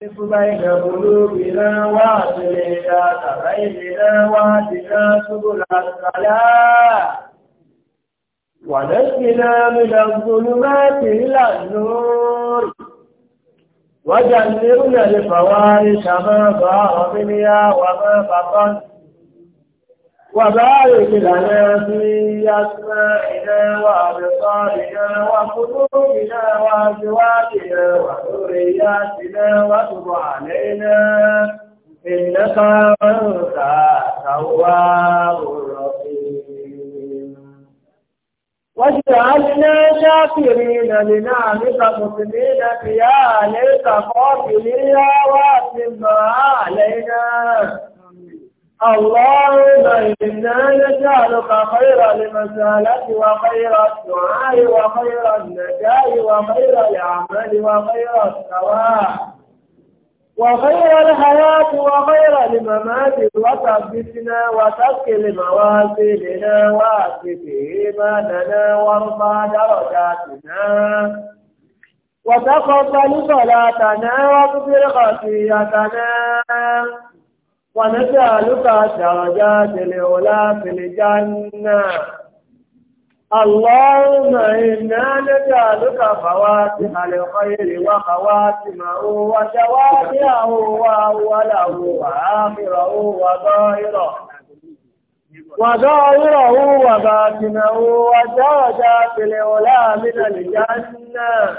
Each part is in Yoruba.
بين قلوبنا واصلنا تبيننا واهدنا سبل الصلاة ونجنا من الظلمات إلى النور وجنبنا الفواحش ما ظهر منها وما بطن وبارك لنا في أسمائنا وأبصارنا وقلوبنا وأزواجنا وذرياتنا وتب علينا إنك أنت التواب الرحيم واجعلنا شاكرين لنعمك مسلمين فيا ليس قابلين واتم علينا اللهم إنا نسألك خير المسألة وخير الدعاء وخير النجاة وخير العمل وخير الثواب وخير الحياة وخير الممات وثبتنا وتكل موازيننا وأسف إيماننا وارفع درجاتنا وتقبل صلاتنا واغفر خطيئتنا ونجعلك درجات العلا في الجنة اللهم إنا نجعلك فواتح الخير وخواتمه وشواتعه وأوله وآخره وظاهره وظاهره وباطنه ودرجات العلا من الجنة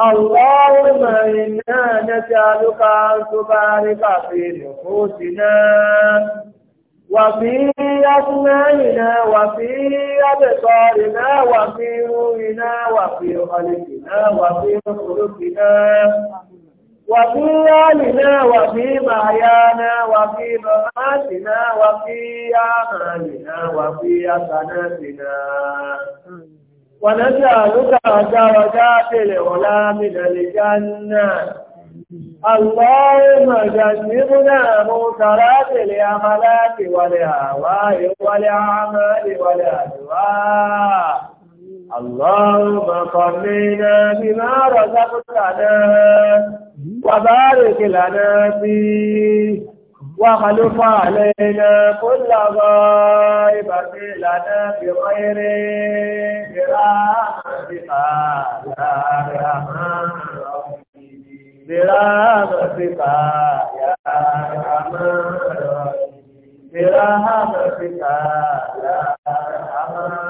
اللهم إنا نسألك أن تبارك في نفوسنا وفي أسمائنا وفي أبصارنا وفي روحنا وفي خلقنا وفي خلقنا وفي آلنا وفي معيانا وفي مماتنا وفي أعمالنا وفي أسناتنا ونجعلك درجات العلا من الجنة اللهم جنبنا منكرات الأخلاق والهواء والأعمال والأدواء اللهم قرنا بما رزقتنا وبارك لنا فيه وخلف علينا كل غائبة لنا بغير برحمتك يا أرحم برحمتك يا أرحم برحمتك يا أرحم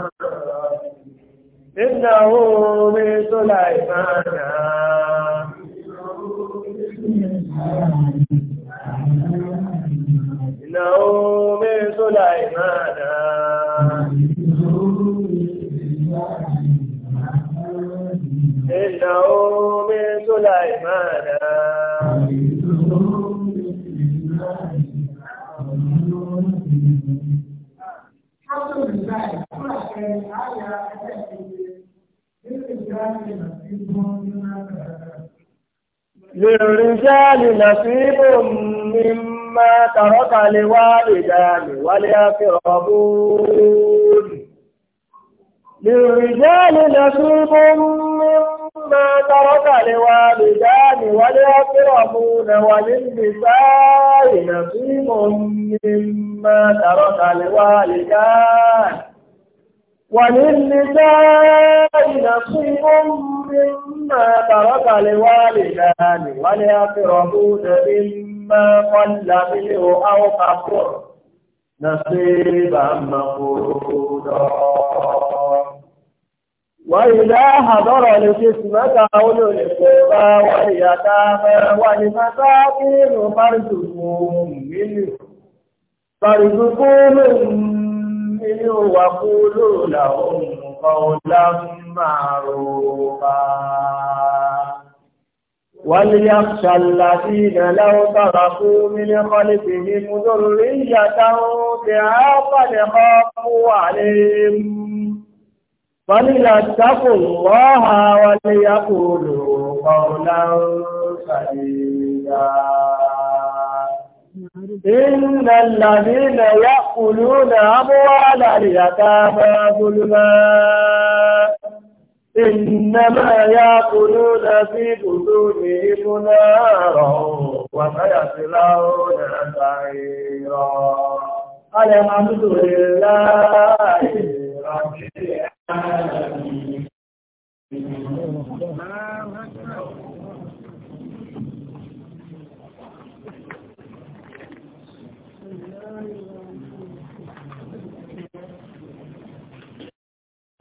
إنه من سليمان إنه من سليمان إنه من سليمان للرجال نصيب مما مما ترك الوالدان والأقربون للرجال نصيب مما ترك الوالدان والأقربون وللنساء نصيب مما ترك الوالدان وللنساء نصيب مما ترك الوالدان والأقربون مما قل منه أو كفر نصيبا مفروضا وإذا حضر القسمة أولو القربى واليتامى والمساكين فارزقوهم منه فارزقوهم ìdílé wà kú lóòlà òun kọ́ọ̀lá màrúfà. وليخشى الذين لو تركوا من خلفهم ذرية ضعافا خافوا عليهم فليتقوا الله وليقولوا قولا سديدا إن الذين يأكلون أموال اليتامى ظلما إنما يأكلون في بطونهم نارا وسيصلون سعيرا الحمد لله رب العالمين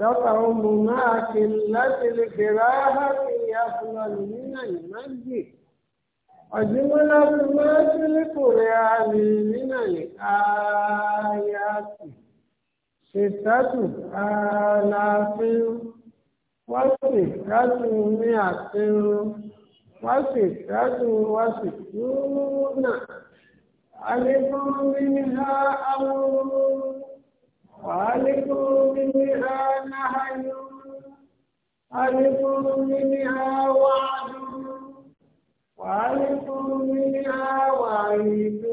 mụnakdre aha iya ụi odianaụnakili pụrụ ya iina aya ti tetatu ana pị pịnwae aụae ụna anụụhe ahụụụ خالقوا منها نهي خالقوا منها وعد خالقوا منها وعيد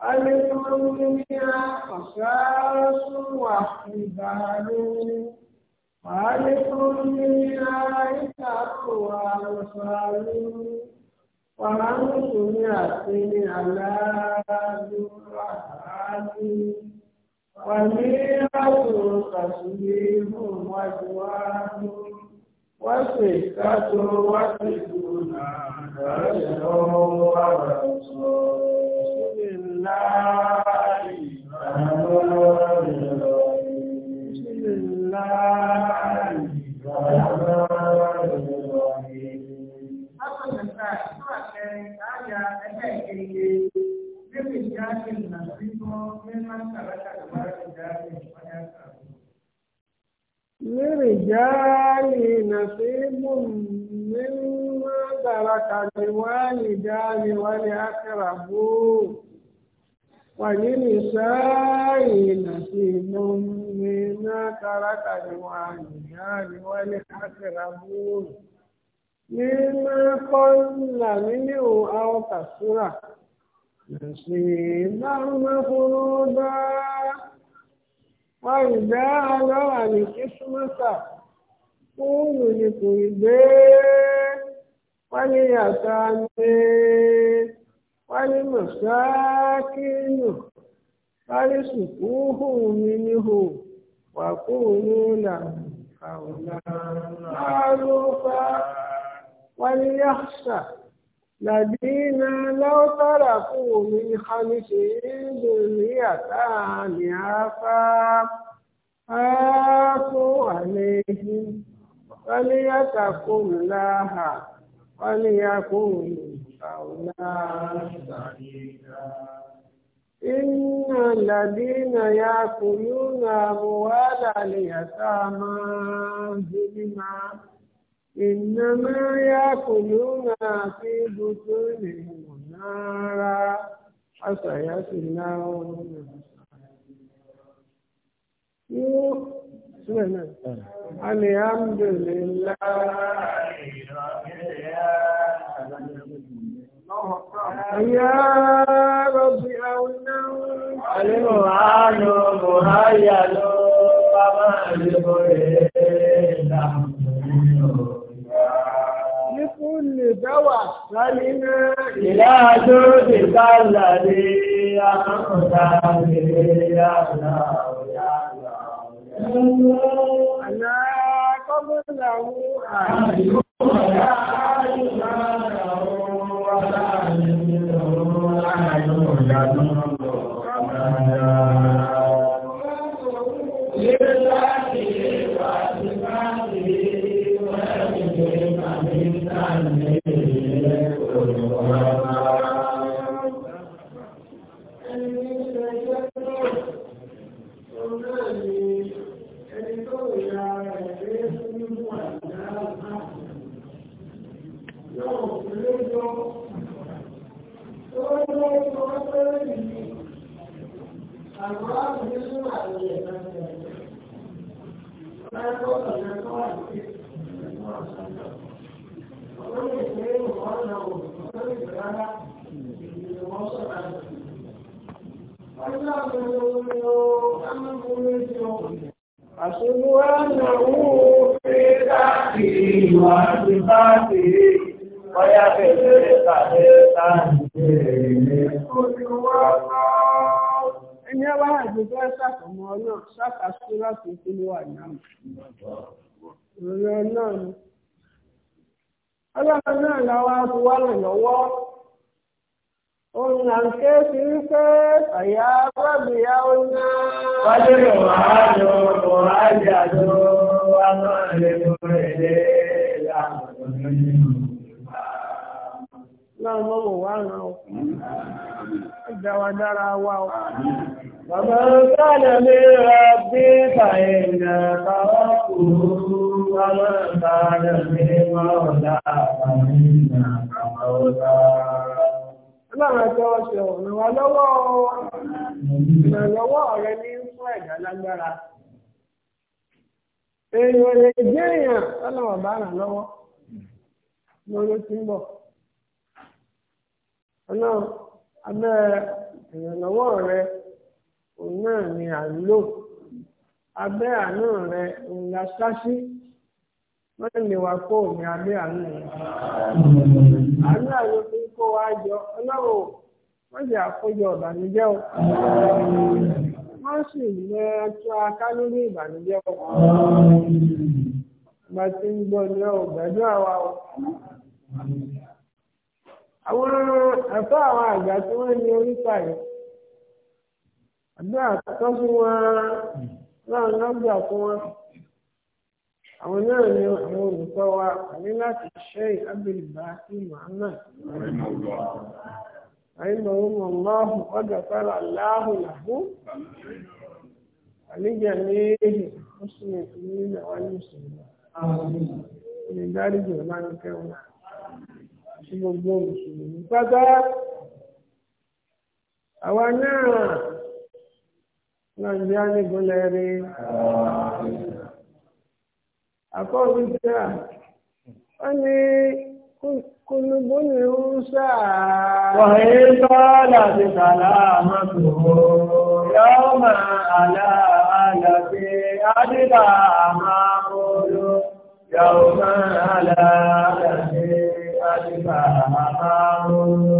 خالقوا منها قصاص واختبار خالقوا منها عتاب وأمثال ومن سمعت على ذراعاته nwayere apụrụ ka dụyehu madụwahụ nwae tadowaabụ a arụwa uenari nụụarụuenariaaarụ كيف يجعل النصيب مما ترك الولد جاهل ويسأل لرجال نصيب مما ترك الوالدان والأقربون وللنساء نصيب مما ترك الوالدان والأقربون مما قل منه أو كثر نصيبا مفروضا وإذا نوى القسمة قولوا لكل بيت وليتامى ولمساكين فارزقوه منه وقولوا له قولا معروفا وليخشى الذين لو تركوا من خمسهم ذرية آفا عافوا عليهم فليتقوا الله وليكن قولا سديدا إن الذين يأكلون أموال اليتامى ظلما ìnáná yá kò ló máa fi gbogbo ènìyàn náírà àṣàyà sì náà ọ̀hún yóò sílẹ̀ náà alihamdulillah. يا رب أونا المعان lọ́wọ́ àṣálí náà. ìlà tó ti bá làdé àkọ́kọ́ta lè yàrá ọ̀yà àgbà ọ̀yà. àná kọ́mọ́nà wù àdìgbò ọ̀yà àdìgbò àgbà ọ̀yà àdìgbò àgbà ọ̀yà àdìgbò ọ̀yà àdìgbò ọ̀yà. أشهد أنه في ذاته وصفاته ويقف لقد تنزيله كل وصفاته ẹni ọba àjùjọ ṣàkàmọ náà ṣàkàṣọ láti kú ló wà náà ọ̀rọ̀ ọlọ́run náà làwọn afiwá ràn lọ́wọ́ òun là ké sí wípé àyà bábí ya ó ná. wájú ni wàá náà lè tó wá ìjà wa dára ومن كان من ربي فإنا تركه ومن كان من مولى فإنا مولى Ọlọ́run ẹjọ́ ṣe lọ́wọ́ ìrànlọ́wọ́ òun náà ni à ń lò abẹ́ àánú rẹ̀ ń la ṣáṣí wọ́n lè wá kó omi abẹ́ àánú rẹ̀ àánú àwọn tó ń kó wa jọ ọlọ́run wọ́n jẹ́ àkójọ ìbànújẹ́ o wọ́n sì lẹ́ẹ̀ tún aká lórí ìbànújẹ́ o bá ti ń gbọ́ ní ọ̀gbẹ́dún àwa o. àwọn ẹ̀fọ́ àwọn àgbà tí wọ́n ní oríta yìí. àdúrà tọ́jú wọn láwọn lágbà fún wọn àwọn náà ni àwọn olùkọ́ wa àní láti ṣe ìhábìlìbá sí Muhammad àyìnbó wọn lọ́hùn ọjọ́ sára láhùn làhùn àlejò ní èyí mùsùlùmí ní ilẹ̀ wa ní mùsùlùmí olùdarí jùlọ bá kẹwọn àti gbogbo pátá àwa náà. náà jẹ́ nígunlẹ̀ rí. Àkọ́bí jẹ́ ó ní kùnúbùnú ṣá. Wọ̀nyí tọ́lá ti kàlá mọ́tò yóò máa àlá àlá sí àdìgbà máa kúrò yóò máa àlá àlá sí àdìgbà máa kúrò.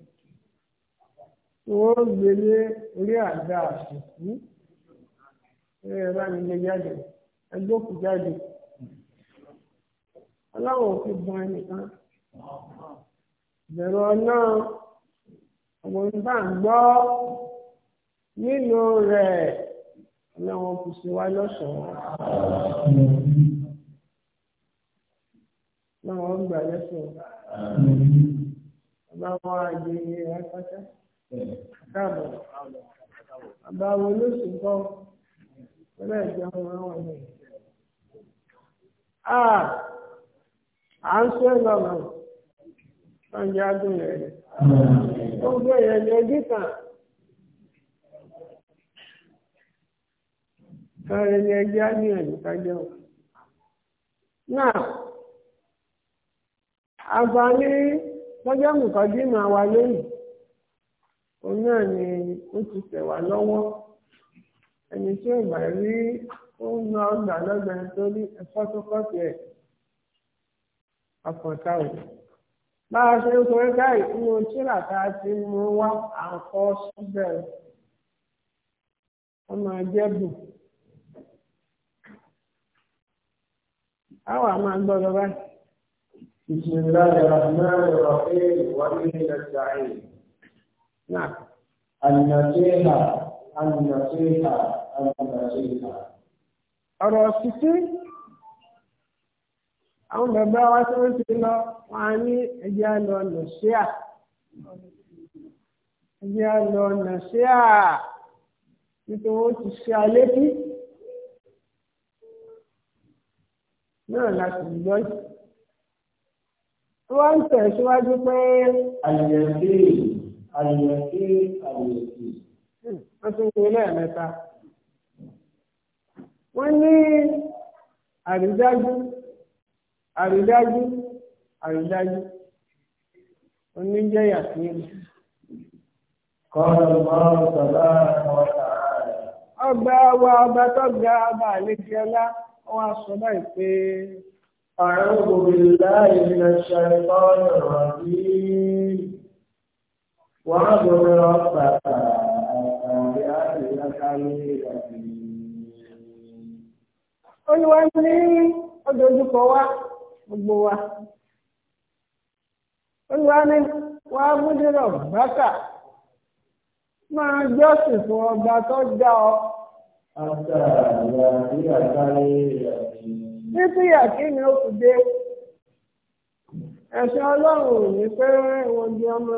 wọ́n gbélé orí àga àsìkú ẹ bá mi lè jáde ẹgbẹ́ òkú jáde ọlọ́run ò fi bọ ẹnìkan bẹ̀rù náà ọmọ nígbà ń gbọ́ nínú rẹ̀ ọlọ́run kò sí wá lọ́sọ̀ọ́ ọlọ́run gbà lẹ́sọ̀ọ́ ọba wa e àjẹyẹ apáta. káàbọ̀ ló sì kọ́ pẹ̀lú ìjọba àwọn ọmọ yìí. à ń sọ ẹ̀ lọ́nà ọ̀njẹ́ adùn rẹ̀ ó ń gbé yẹn ní ojú kan. Kọ́rin ni á ní òun náà ni ó ti tẹ̀ wá lọ́wọ́ ẹni tí ò bá rí ó ń lọ ọgbà lọ́gbà nítorí ẹ̀fọ́ tó kọ́ tiẹ̀ àkàntà ò bá a ṣe ń sọ gáì nínú tíra tá a ti mú wá à ń kọ́ síbẹ̀ ó máa jẹ́ bùn. àwọn àmà gbọ́dọ̀ báyìí. بسم الله الرحمن الرحيم وبه نستعين نعم النصيحة النصيحة النصيحة ọ̀rọ̀ títí àwọn bàbá wa tí wọ́n ti lọ wọn á ní ẹjẹ́ á lọ nàṣíà ẹjẹ́ á lọ nàṣíà nítorí wọ́n ti ṣe àlékí náà láti gbọ́ wọ́n ń tẹ̀síwájú pé àyẹ̀dẹ́ àyẹ̀kí àyẹ̀kí. Hmm, wọ́n tún ní lẹ́ẹ̀mẹ́ta. wọ́n ní àrídájú àrídájú àrídájú oníjẹ́yà sí i. kọ́ńtà máa ń sọ̀rọ̀ àwọn ọ̀tá. ọgbà wa ọba tó ga ọba àlejò ọlá wọn á sọ báyìí pé. أعوذ بالله من الشيطان الرجيم واعبد ربك بأهلك حميدا Olúwa ní ọdọ̀dúkọ wa gbogbo wa. Olúwa ní wà múdírọ̀ bákà máa jọ́sìn fún ọba tó dá ọ. Títí àkí ni ó fi dé. Ọlọ́run ò ní wọ́n di ọmọ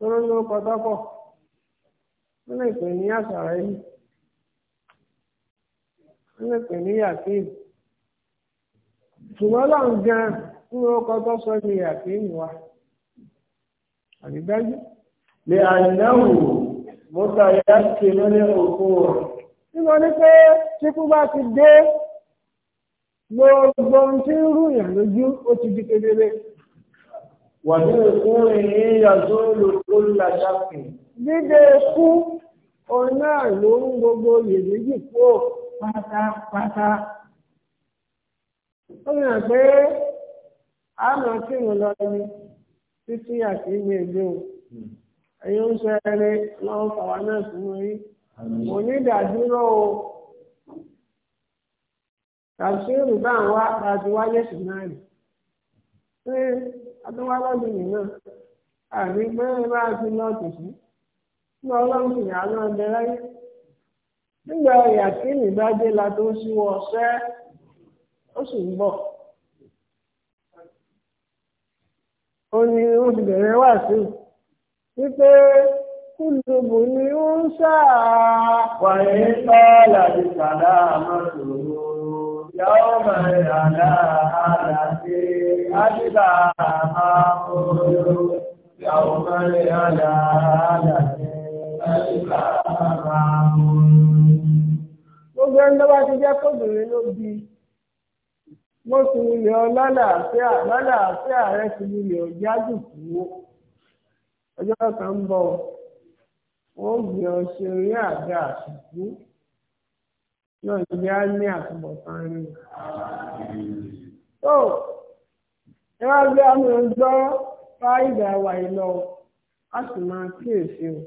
lọ́rọ́ ló kọ tọ́pọ̀ wọ́n lè pè ní àṣàrà yìí wọ́n lè pè ní yàtìm ṣùgbọ́n láwọn gan ní ọkọ̀ tó sọ ní yàtìm wa àdìgbájú. lè àyẹ̀wò mọ́tà yá ṣe lọ́lẹ́ òkú rẹ̀. níbo ni pé tíkú bá wàbí òkú ìyìn yàtọ̀ olùkólà ṣàfihàn. dídé ikú òun ló ń gbogbo yèméjì kú pátápátá. ó yàn pé a máa kírun lọ ní títí àti ìgbé ìgbé o hmm. ẹ̀yin ń sọ ẹni lọ́wọ́ fàwa náà sínú yín onídàádúró o tàbí sí ìrùbá àwọn àti wáyé sí náà rè. pé adúmọ́lọ́dún yìí náà àbí pé bá a ti lọ́ọ̀tì sí ní ọlọ́run sì yà náà bẹ láyé nígbà yàtìmí bá dé la tó síwọ́ ọ̀sẹ́ ó sì ń bọ̀ ó ní ó bẹ̀rẹ̀ wá sí ni ó ń sáà wà ní sọ́ọ̀lá ti sàdá àmọ́ yàwó yàrá àlàyé Adịba àmúlò yàwó yàrá àlàyé àdìbà àmúlò. Gbogbo ẹni tó bá ti jẹ́ kóbìnrin ló bí. Mo sì wulẹ̀ ọ lálàáfíà lálàáfíà sì wulẹ̀ Ọjọ́ kan náà ìyá ní àtúbọ̀tán rí. tó ẹ wá gbé àwọn ọjọ́ fáìdà wà lọ a sì máa kíyèsí o.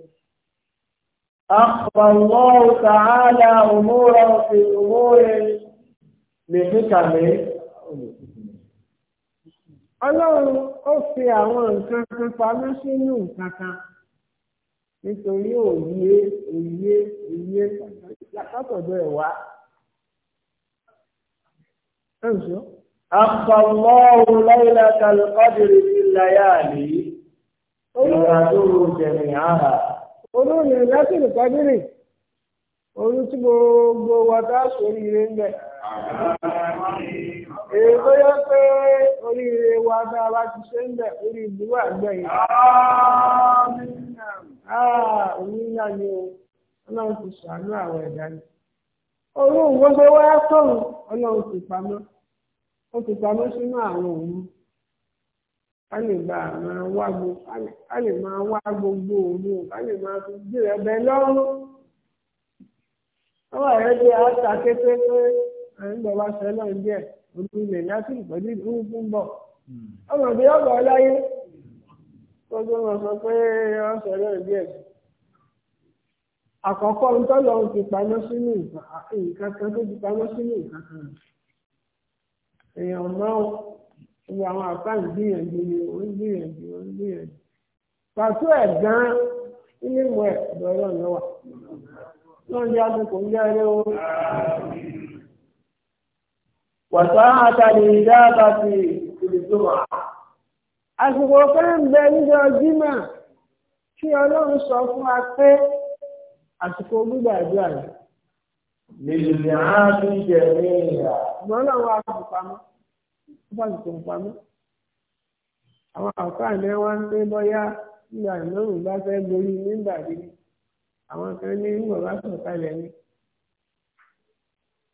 Àpàlọ́ tààlà òmúra fi òmúre lèkíkàlé. Ọlọ́run ó fi àwọn nǹkan kan pamọ́ sínú nǹkan kan nítorí òye òye òye látọ̀dọ̀ ẹ̀ wá. Àpàlọ́run lọ́yìnlá kàlùkọ́dìrì ti láyà lè ìrìnàjòrò jẹ̀mì àhà. Èyí tó yẹ pé oríire wa dá wa ti ṣe ń bẹ̀ orí ìdúrà gbẹ̀yìn. Àmì ah, ni ọlọ́run ti ṣàánú àwọn ẹ̀dá ni. orú gbogbo sọ̀rọ̀ ọlọ́run ti pamọ́ ó ti pamọ́ sínú àwọn òun lè a máa wá gbogbo òun ká lè máa fi gbéra bẹ lọ́rùn. ọwọ́ rẹ̀ di ata kété pé àwọn sẹ́lọ̀ ń díẹ̀ olùlẹ̀ bọ̀. Hmm. ọmọ ọláyé gbogbo wọn sọ pé àkọ́kọ́ ntọ́lọ ń fi pamọ́ sínú nǹkan kan tó fi pamọ́ sínú nǹkan kan èèyàn máa ń wo àwọn àpá ìgbìyànjú ni ó ń gbìyànjú ó ń gbìyànjú pàtó ẹ̀ gan-an ilé ìwọ̀ ẹ̀ lọ́rọ̀ lọ́wọ́ náà yá ló kò ń yá eré o. wàtá àtàlẹ̀ ìdáàbà ti ìdìbò àsìkò kan ń bẹ níjọ́ jimá kí ọlọ́run sọ fún wa pé. àsìkò gbígbàdúrà rẹ̀. lèlùmí àádọ́ ìjẹ ẹ̀yà. ṣùgbọ́n láwọn aṣọ pamọ́ wọ́n bá ṣètò pamọ́. àwọn àkàrà náà wá ń bọ́yá nígbà ìlọ́run bá fẹ́ borí nígbà dídí àwọn ní bá sọ̀ kalẹ̀ ni.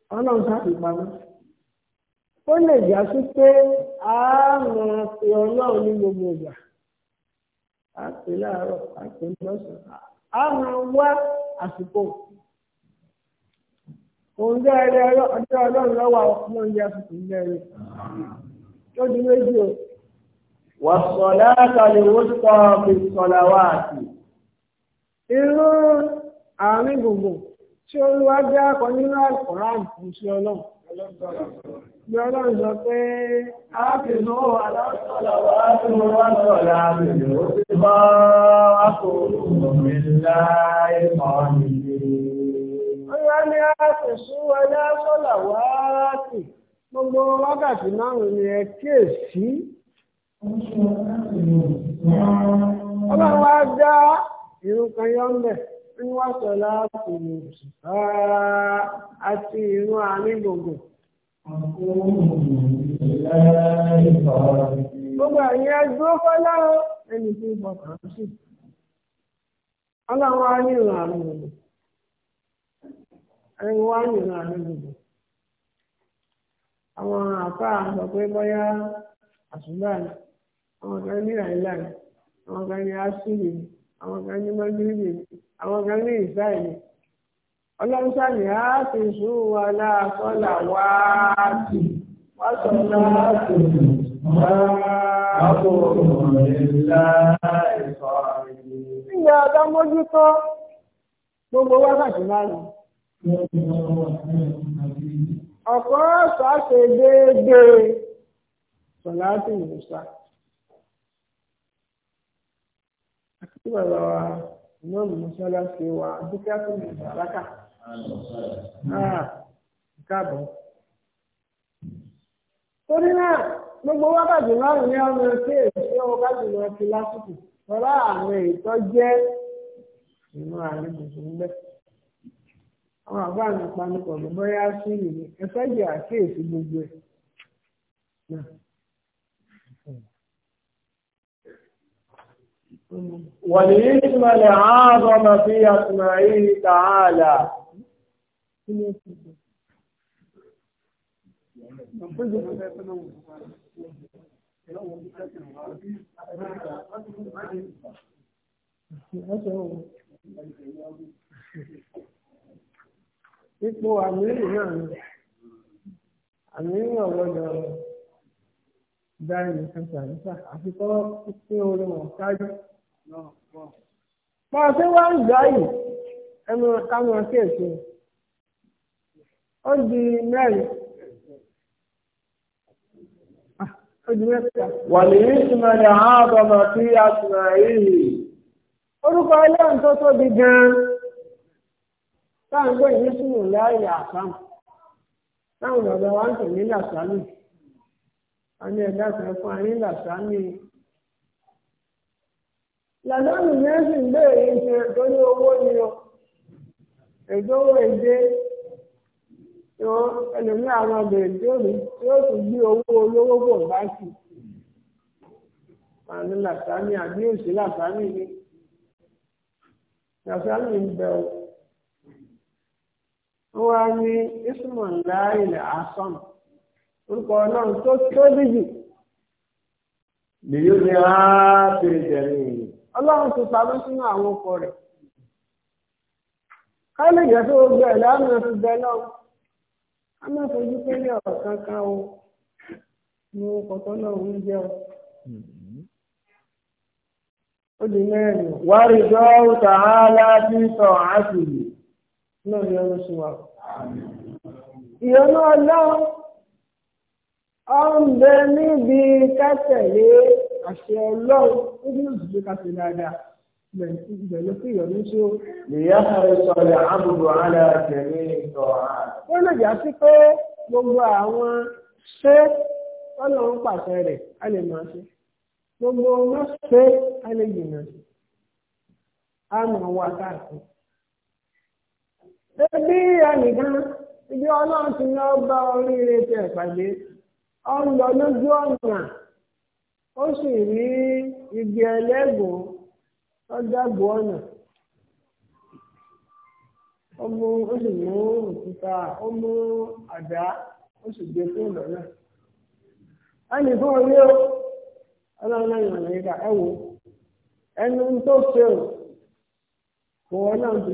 pamọ́. ó lè sí pé a máa pe ọlọ́run ní gbogbo ìgbà. a pè láàárọ̀ a pè lọ́sàn-án. a àsìkò òun jẹ́ ẹrẹ ọjọ́ ọlọ́run lọ́wọ́ ọmọ ìyá tuntun lẹ́rìí tó di méjì o. wàsọ̀lá àtàlẹ̀ wọ́sọ̀ bìsọ̀lá wà sí. irú àárín gbùngbùn tí olúwa jẹ́ akọ nínú àkùrán kì í ṣe ọlọ́run. Yọ́lọ́ ìlọ pé ápìnú aláṣọ́lá wà tó wà lọ́la àbìnú gbogbo wákàtí márùn-ún ni ẹ kéèsí. Ọlọ́run wá dá irun kan yọ́ ń bẹ̀. wíwọ́sọ̀ láàpù àti a àárín gbogbo. Gbogbo ẹ̀yin ẹgbẹ́ fọ́lá ẹni tí ìbọn kàn sí. Ọlọ́run á ní ìrún àárín gbogbo. Ẹ̀yin wá ní ìrún àárín gbogbo. Àwọn àpá sọ pé bóyá àṣùgbà ni, àwọn kan ní àìláì, àwọn kan ní àwọn kan ní àwọn kan ní ìsáì ni ọlọ́run sáàmì á ti sùn wà láàkọ́là wá sí wá sọ láàkó láàkó láìsọ àrègbè. nígbà ọ̀dọ́ mójútó gbogbo wákàtí márùn-ún. ọ̀pọ̀ ọ̀sán ṣe déédéé sọ̀láàtì ìmùsà. àti bàbá wa ìmọ̀lù mọ́ṣáláṣí wa dúkìá tó lè bàrákà. Ah, káàbọ̀. torí náà gbogbo wákàtí márùn-ún ní ọmọ ẹgbẹ́ ìṣe wákàtí wọn ti lásìkò tọ́lá àwọn ètò jẹ́ ìmọ̀ àrùn tuntun bẹ́ẹ̀. àwọn àbá mi panupọ̀ bóyá sí ìlú ẹ̀fẹ́ jẹ́ àkíyèsí gbogbo ẹ̀. وليشمل عظم في أسمائه تعالى إسمه عمير يعني عمير ولا دائما كان صح عشان طلب اسمه ولا ما bá a ṣe wá ń gbá yìí ẹnu ó di mẹ́rin. ni tí a sùnà ìhì. Orúkọ ẹlẹ́rìn tó tóbi gan-an. Táàgbé ìrísìmọ̀ láàyè àsámù. Táwọn ọ̀dọ́ wa ń tò ní A ní ẹ̀dá fún ayé làdánù yẹn sì ń béèrè ṣe ètò ní owó ni o ètò owó èdè tó ẹlòmíì àwọn ọbẹ̀rẹ̀ tí ó rí tí ó sì gbé owó olówó pọ̀ báńkì àní làtàmì àbí òsì làtàmì ni làtàmì ń bẹ o wọ́n á ní ismọ̀ ńlá ilẹ̀ asọ́n orúkọ ọlọ́run tó tóbi jù lèyí ó ní á bèrè jẹ̀rẹ̀ èyí ọlọ́run ti pamọ́ sínú àwọn ọkọ̀ rẹ̀ ká lè jẹ́ tó gbogbo ẹ̀ láàmú ẹ̀fọ́ bẹ lọ́wọ́ a máa fojú pélé ọ̀kan kan o ní ọkọ̀ tó náà ń jẹ́ o. ó di mẹ́rin. wárí dọ́wọ́ tàhálà tí sọ àṣìlì náà ni ọ̀rọ̀ sí wa. ìyọnú ọlọ́run ọ̀ ń bẹ níbi kẹsẹ̀ àṣẹ ọlọ́run ó bí òsì ló ká ṣe dáadáa ibẹ̀ ló pé ìyọ̀dún tí ó. ìyá rẹ̀ sọ̀rọ̀ àbùdù àlẹ́ àtẹ̀lé ìtọ̀ ààrẹ. ó lè jà sí pé gbogbo àwọn ṣé ọlọ́run pàṣẹ rẹ̀ a lè máa ṣe gbogbo wọn ṣe a lè jìnnà sí a mọ̀ wá káàkiri. Ebi ẹnìkan ibi ọlọ́run ti ní ọba oríire tẹ̀ pàdé, ọ lọ lójú ọ̀nà ó sì rí igi ẹlẹ́gùn ọ̀dàgbò ọ̀nà ó ó sì mú òkúta ó mú àdá ó sì gbé fún ọ̀nà náà. a nì fún orí o ọlọ́run náà yàn lẹ́yìn ẹ wò ẹnu tó ṣe o kò wọ́n náà ti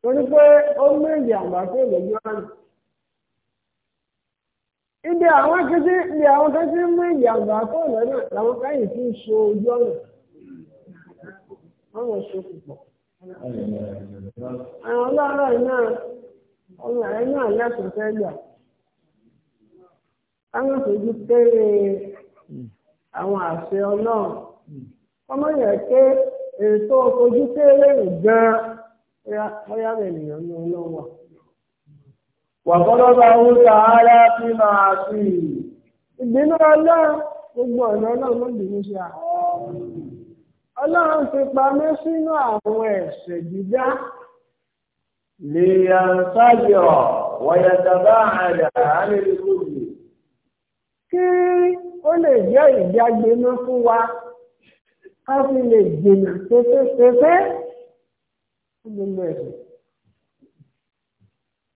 torí pé ó àgbà fún ide àwọn akéde ibi àwọn akéde mú ìyàgbà kọ́ lọ́nà làwọn káyìn fi ń so ojú ọ̀nà wọ́n wọ́n so púpọ̀. àwọn ọlọ́rọ̀ náà ọmọ ọrụ náà lẹ́sùn fẹ́lẹ̀ káwọn fojú péré àwọn àṣẹ ọlọ́run ọmọ yẹn pé ètò gan nìyẹn wàbọ́lọ́bàáwó tààrà fi máa fi ìgbínú ọlọ́run gbogbo ọ̀nà ọlọ́run lóbìnú sí à. ọlọ́run ti pamọ́ sínú àwọn ẹ̀ṣẹ̀ jíjá lè yànsájọ wọ̀yàtàbá àdà àlèkùnrin kí lè jẹ́ ìjágbéná fún wa ká fi gbogbo ẹ̀ṣẹ̀.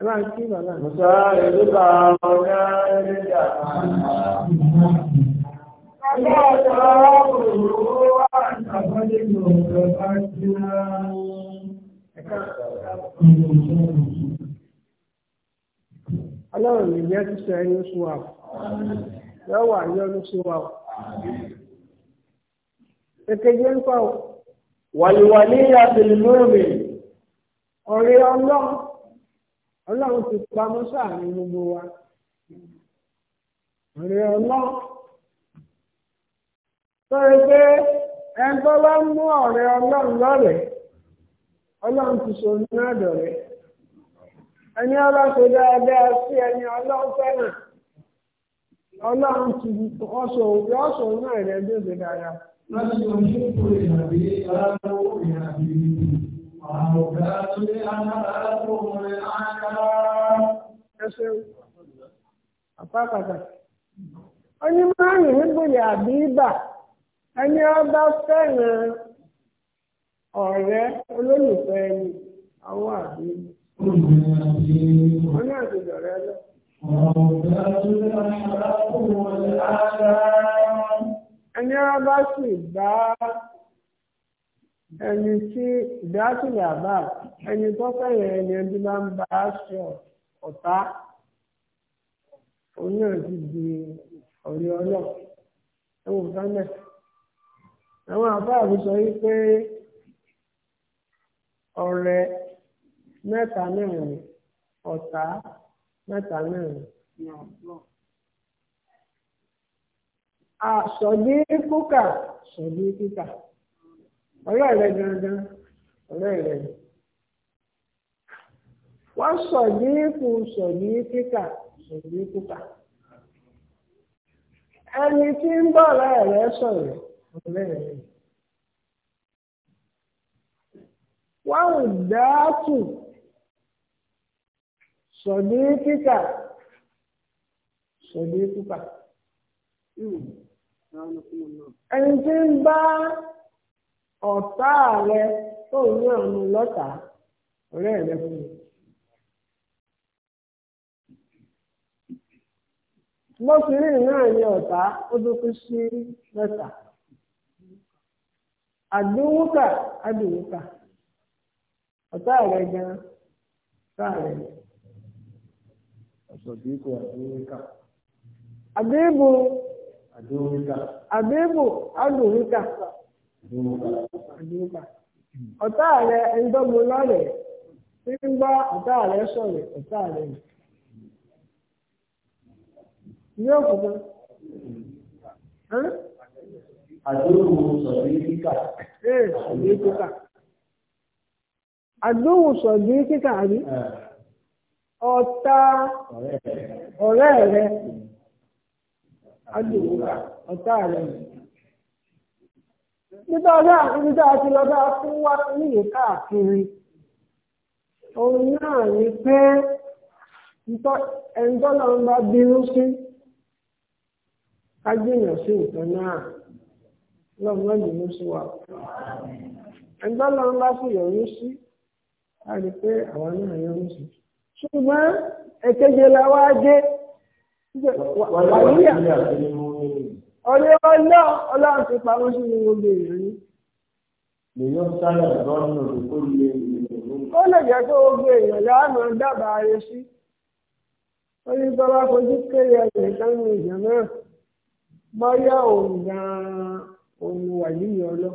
Musa ìlúkà ọ̀gá ẹni jà máa ń bá. Ọjọ́ wà ní àwọn ìlú ọ̀gá bá ti rá. Ẹ̀ka ọlọ́run lè jẹ́ sí wa ọ̀rẹ́ ọlọ́run. ọlọ́run ti pamọ́ sáàrin gbogbo wa ọ̀rẹ́ ọlọ́run sọ̀rọ̀ pé ẹgbẹ́ bá ń mú ọ̀rẹ́ ọlọ́run lọ́rẹ̀ẹ́ ọlọ́run ti so ní àdọ̀rẹ́ ẹni ọlọ́run ṣe dáadáa sí ẹni ọlọ́run fẹ́ràn ọlọ́run ti ọ̀sọ̀ ọ̀sọ̀ dáadáa. láti Àpákàtà. Ọní márùn-ún nígbòyà àbíbà, ẹni ọba fẹ́ràn ọ̀rẹ́ olólùfẹ́ ẹni, àwọn àbíbà. Wọ́n náà ti dọ̀rẹ́ lọ. Ẹni ọba sì bá ẹni tí ìdásílẹ̀ àbá ẹni tó fẹ̀yẹ̀ ẹni ń bá ọ̀tá di ọ̀rẹ́ ọlọ́ àwọn àbáà mi sọ pé ọ̀rẹ́ mẹ́ta náà ni ọ̀tá mẹ́ta ọ̀rẹ́ rẹ gangan ọ̀rẹ́ rẹ wọ́n sọ ní kù sọ ní kíkà sọ ní kíkà ẹni tí ń bọ̀ ọ̀rẹ́ rẹ sọ̀rọ̀ ọ̀rẹ́ rẹ. wọ́n ò dáàtù sọ ní kíkà sọ ní kíkà ẹni tí ń bá. ọ̀tá rẹ tó ní ọ̀run lọ́tà ọ̀rẹ́ rẹ fún mi. náà ni ọ̀tá ó dúkú sí mẹ́ta. àdúwúkà àdúwúkà ọ̀tá rẹ gan ọ̀tá rẹ. ọ̀sọ̀dí kò àdúwúkà. àbíbù ọ̀tá rẹ̀ ń dọ́gbọ́n lọ́rẹ̀ẹ́ tí ń bá ọ̀tá rẹ̀ sọ̀rọ̀ ọ̀tá rẹ̀ ní òkùnkùn. àdóhùn sọ̀dí kíkà. kíkà. àdóhùn ọ̀tá ọ̀rẹ́ rẹ̀. ọ̀tá rẹ̀ nígbà náà ibi tá a ti lọ dáa fún wá níyì káàkiri òun náà ni pé ẹni tó lọ bá bínú sí ká jìnnà sí nǹkan náà lọ́gbọ́n bínú sí wa ẹni tó lọ bá sì yọrí sí a rí pé àwọn náà yọrí sí ṣùgbọ́n ẹ̀kẹ́jẹ́ la wá dé wàlúùyà ọ̀rẹ́ ọlá ọlọ́run ti pa wọ́n sí ní gbogbo ìrírí. lèyọ sáré ọ̀dọ́ nínú òkú ilé ìlú. ó lè jẹ́ pé gbogbo èèyàn láàmú dábàá ayé sí. ó ní tó bá fojú kéré ẹgbẹ̀rún kan ní ìjà náà bọ́yá òun gan-an òun wà yíyọ ọlọ́.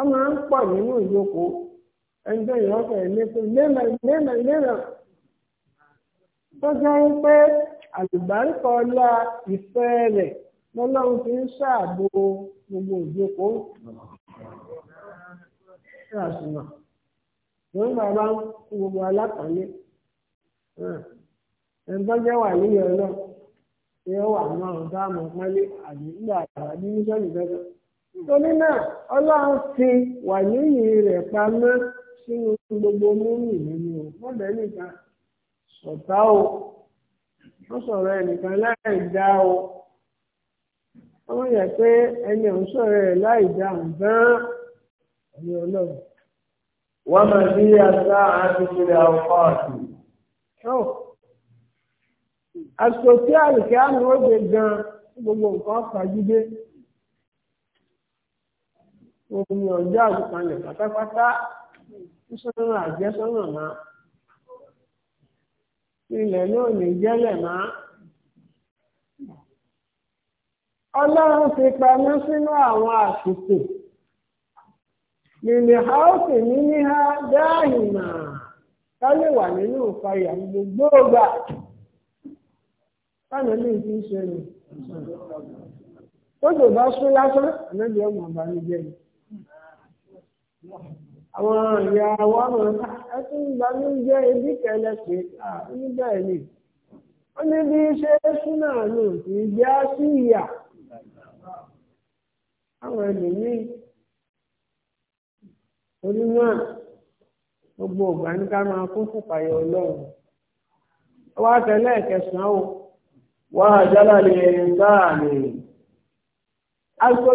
ọmọ ń pọ̀ nínú ìjókòó ẹni tó yàn ọ́ fẹ̀ lé fún lẹ́mọ̀ lẹ́mọ̀ lẹ́mọ̀ tó jẹ́ pé. àlùbáríkọ ọlá ìfẹ́ rẹ̀ lọ́lọ́run fi ń ṣààbò gbogbo òjòkó. ṣé àṣùnà ló ń bàbá fún gbogbo wà níyọ̀ náà ṣé ó wà náà àbí nígbà nítorí náà ọlọ́run fi wà níyì rẹ̀ pamọ́ sínú gbogbo múmi nínú mọ́bẹ̀ẹ́ nìkan ọ̀tá o. wọ́n sọ̀rọ̀ ẹnìkan láì dá o wọ́n yẹ pé ẹni ọ̀hún sọ̀rọ̀ ẹ̀ láì dá ǹgán ẹ̀yìn ọlọ́run. wọ́n máa bí àṣà àti ìpínlẹ̀ ọ̀pọ̀ọ̀tì. àsìkò tí àmì ó gan gbogbo nǹkan fagídé òun ọjọ́ àgùnkanlẹ̀ pátápátá ń sọ̀rọ̀ àjẹsọ́nà máa. ilẹ̀ náà ní jẹ́lẹ̀ má. ọlọ́run ti pamọ́ sínú àwọn àsìkò lílì haúsì ní níhá dáhìnà ká lè wà nínú ìpayà gbogbo ọgbà táwọn ilé ti ń ṣẹlẹ̀ tó tó bá sún lásán ànábìyàn mọ̀ bá ní àwọn ìyá wa náà ẹ gbà mí jẹ́ ibi kẹlẹ́ pé ni ó ní bí ṣe súnà nù kì í jẹ́ sí ìyà àwọn ẹlòmíì onímọ̀ gbogbo ní máa kún fún pàyẹ ọlọ́run wá kẹsàn-án o. wá àjálà lè ń wà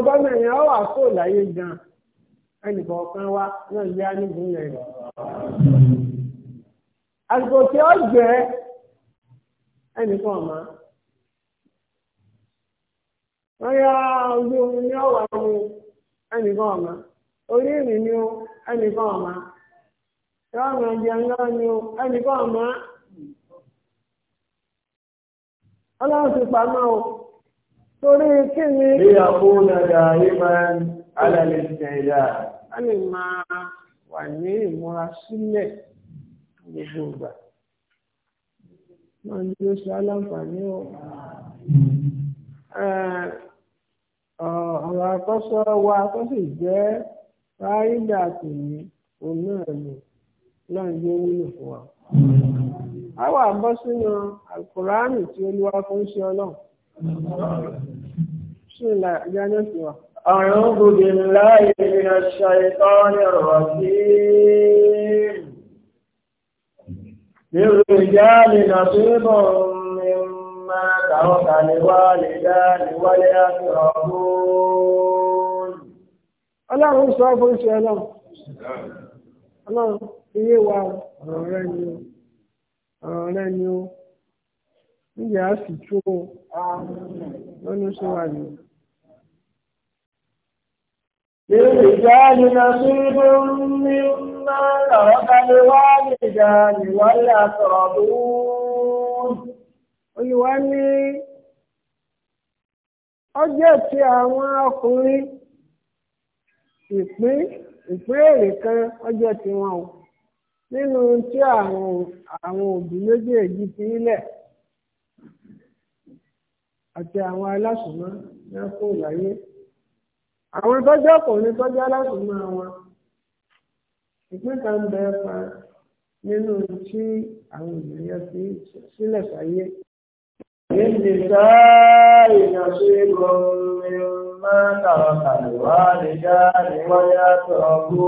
gan-an. ẹnìkan ọ̀kan wá náà ilé ánìgúnlẹ̀ rẹ̀. àsìkò tí ó jẹ́ ẹnìkan ọ̀ma. wọ́n yá ojú omi ní ọ̀wà omi onye ọ̀ma. orí ìrìn ni ó ẹnìkan ọ̀ma. ìwọ̀n ẹ̀jẹ̀ ńlá ni ó ẹnìkan ọ̀ma. ọlọ́run ti pamọ́ o. torí kí ni. bí àpò ká lè máa wà ní ìmúra sílẹ̀ gbogbo ìgbà máa ń dúró sí aláǹfààní o ọ̀rọ̀ ọrụ wa tó sì jẹ́ fáyídà tèmi òun náà ni náà ń wúlò fún wa. a wà bọ́ sínú àkùránì tí olúwa fún ọlọ́run sí ìlànà ìyá náà sí wa. أعوذ بالله من الشيطان الرجيم للرجال نصيب مما ترك الوالدان والأقربون Ọlọ́run للرجال نصيب مما ترك الوالدان والأقربون Olúwa ní ọjọ́ tí ìpín ìpín kan ọjọ́ tí wọn nínú tí àwọn àwọn òbí méjèèjì fi nílẹ̀ àti àwọn aláṣùmọ́ ní àwọn tọ́jú ọkùnrin tọ́jú aláṣùmọ̀ àwọn ìpín kan bẹ pa nínú tí àwọn ènìyàn fi sílẹ̀ sáyé. Níbi tá ìyànṣe gọ̀ọ̀mì máa tàrà kàlùwá lè já ní wáyà tọ́gbó.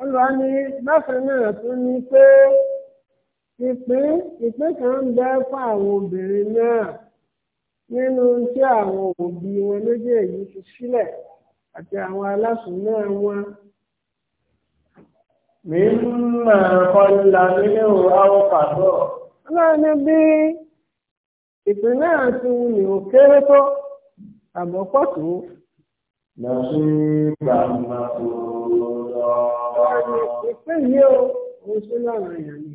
Olùwà ni bákan náà tún ní pé ìpín ìpín kan bẹ fún àwọn obìnrin náà nínú tí àwọn òbí wọn méjèèjì fi sílẹ̀ àti àwọn alásùnmọ́ wọn. mi máa kọlà nínú àwọn pàtó. ọlọ́ni bí ìpínlẹ̀ àti wùnì ò kéré tó àmọ́ pọ̀ lọ sí gbàgbà tó lọ. ìpínlẹ̀ o òun sí lọ́rọ̀ yẹn ni.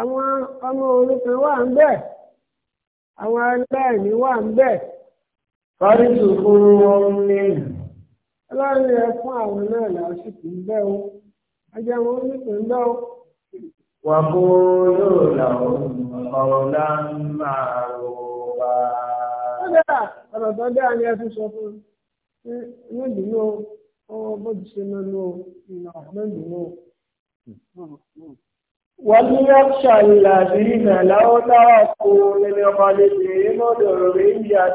àwọn ọmọ òrukàn wà ń bẹ̀ àwọn aláìní wà ń bẹ̀. fáríṣù fún wọn ní. ọlọ́run ẹ fún àwọn náà lásìkò ń bẹ́ o ajá wọn nípìn ń bẹ́ o. wà á kó yóò máa rò wá. ó ọ̀rọ̀ tó ẹ fi sọ fún un ní bó ti ṣe وليخشى الذين لو تركوا من قلبهم ذرية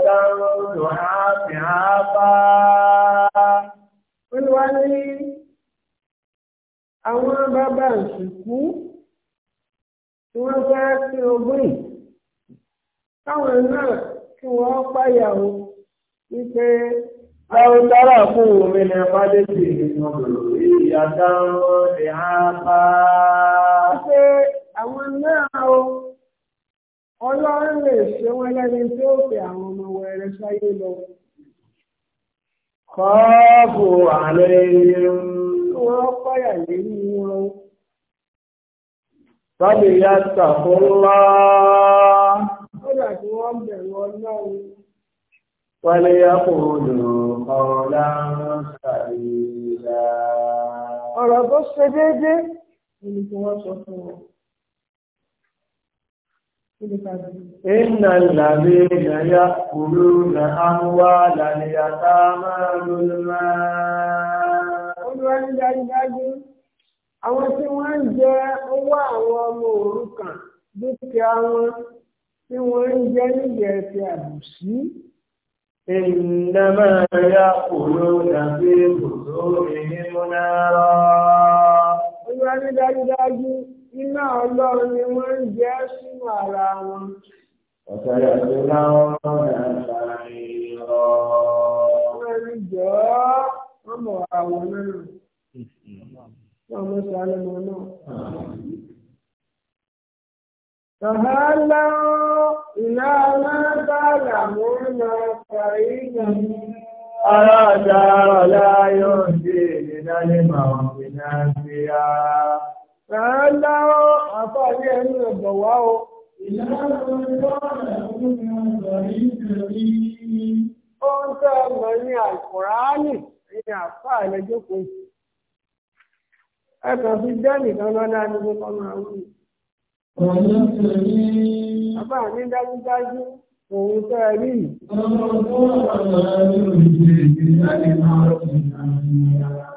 ضعافا Olúwa ní àwọn bàbá ìsìnkú tí wọ́n fẹ́ sí ogún yìí, káwọn náà kí wọ́n páyàwó wípé láwọn dára fún òmìnira bá dé sí ìgbìmọ̀ ìyàtọ̀ ìhàpá pé àwọn náà o ọlọ́run lè ṣe wọ́n lẹ́ni tí ó fi àwọn ọmọ wẹ̀rẹ̀ sáyé lọ. kọ́ọ̀bù àlẹ́ irun. wọ́n kọ́yà lórí wọn. Sábì ya tàkó ńlá. Ó dà tí wọ́n bẹ̀rù ọlọ́run. Wálé yá kò lò ọ̀rọ̀ láwọn sàbí Ọ̀rọ̀ tó ṣe déédéé. Ibi tí wọ́n sọ fún wọn. Inna alladhina ya'kuluna amwala al-yatama zulma. Olúwa ní dájúdájú, àwọn tí wọ́n ń jẹ owó àwọn ọmọ òrukàn dúkìá wọn tí wọ́n ń jẹ Olúwa ní dájúdájú iná ọlọ́run ni wọ́n ń jẹ́ sínú ara wọn. Ọ̀sẹ̀rẹ̀ ọ̀sẹ̀ láwọn ọ̀nà àṣàrí lọ. Wọ́n rí jọ wọ́n mọ̀ àwọn náà. Wọ́n mú sálẹ̀ mọ́ náà. Tàhálà ìlà alábàárà mọ́ náà fàáyé náà. Ará àjà ọ̀la yóò dé ìdálé màá nàìjíríà ràálá ọ àfààní ẹnu rẹ bọ̀ wá o. ìlànà ìjọba ìlú ni wọn sọ yìí tẹ̀lé. ó ń tẹ́ ọmọ ní àkùránì ní àfààní ẹjọ́kùn. ẹ kàn fi jẹ́ nìkan lọ́dá ní gbogbo ọmọ àwọn yìí. ọ̀nà tẹ̀lé. bàbá mi dájúdájú òun tẹ́ ẹ rí. ọmọ tó wà lára ló ń ṣe ìgbéyàwó àwọn ọmọ ìlànà ìlànà.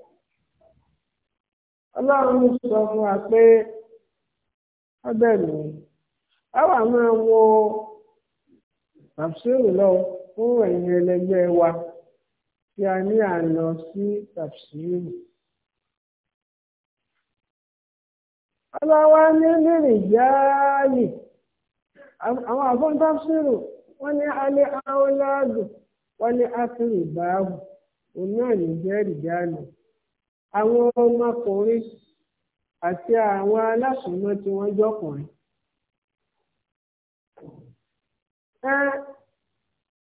ọlọ́run sọ fún wa pé ọbẹ̀ mi a máa wo tafsiru lọ fún ẹ̀yin ẹlẹgbẹ́ wa tí a ní à sí tàbísírù. ọlọ́wọ́ ní lérè jáàyè àwọn àfọ́n wọ́n ní alẹ́ àwọn wọ́n ní ákìrì òun náà ní jẹ́rìí àwọn ọmọkùnrin àti àwọn aláṣùmọ́ tí wọ́n jọkùnrin.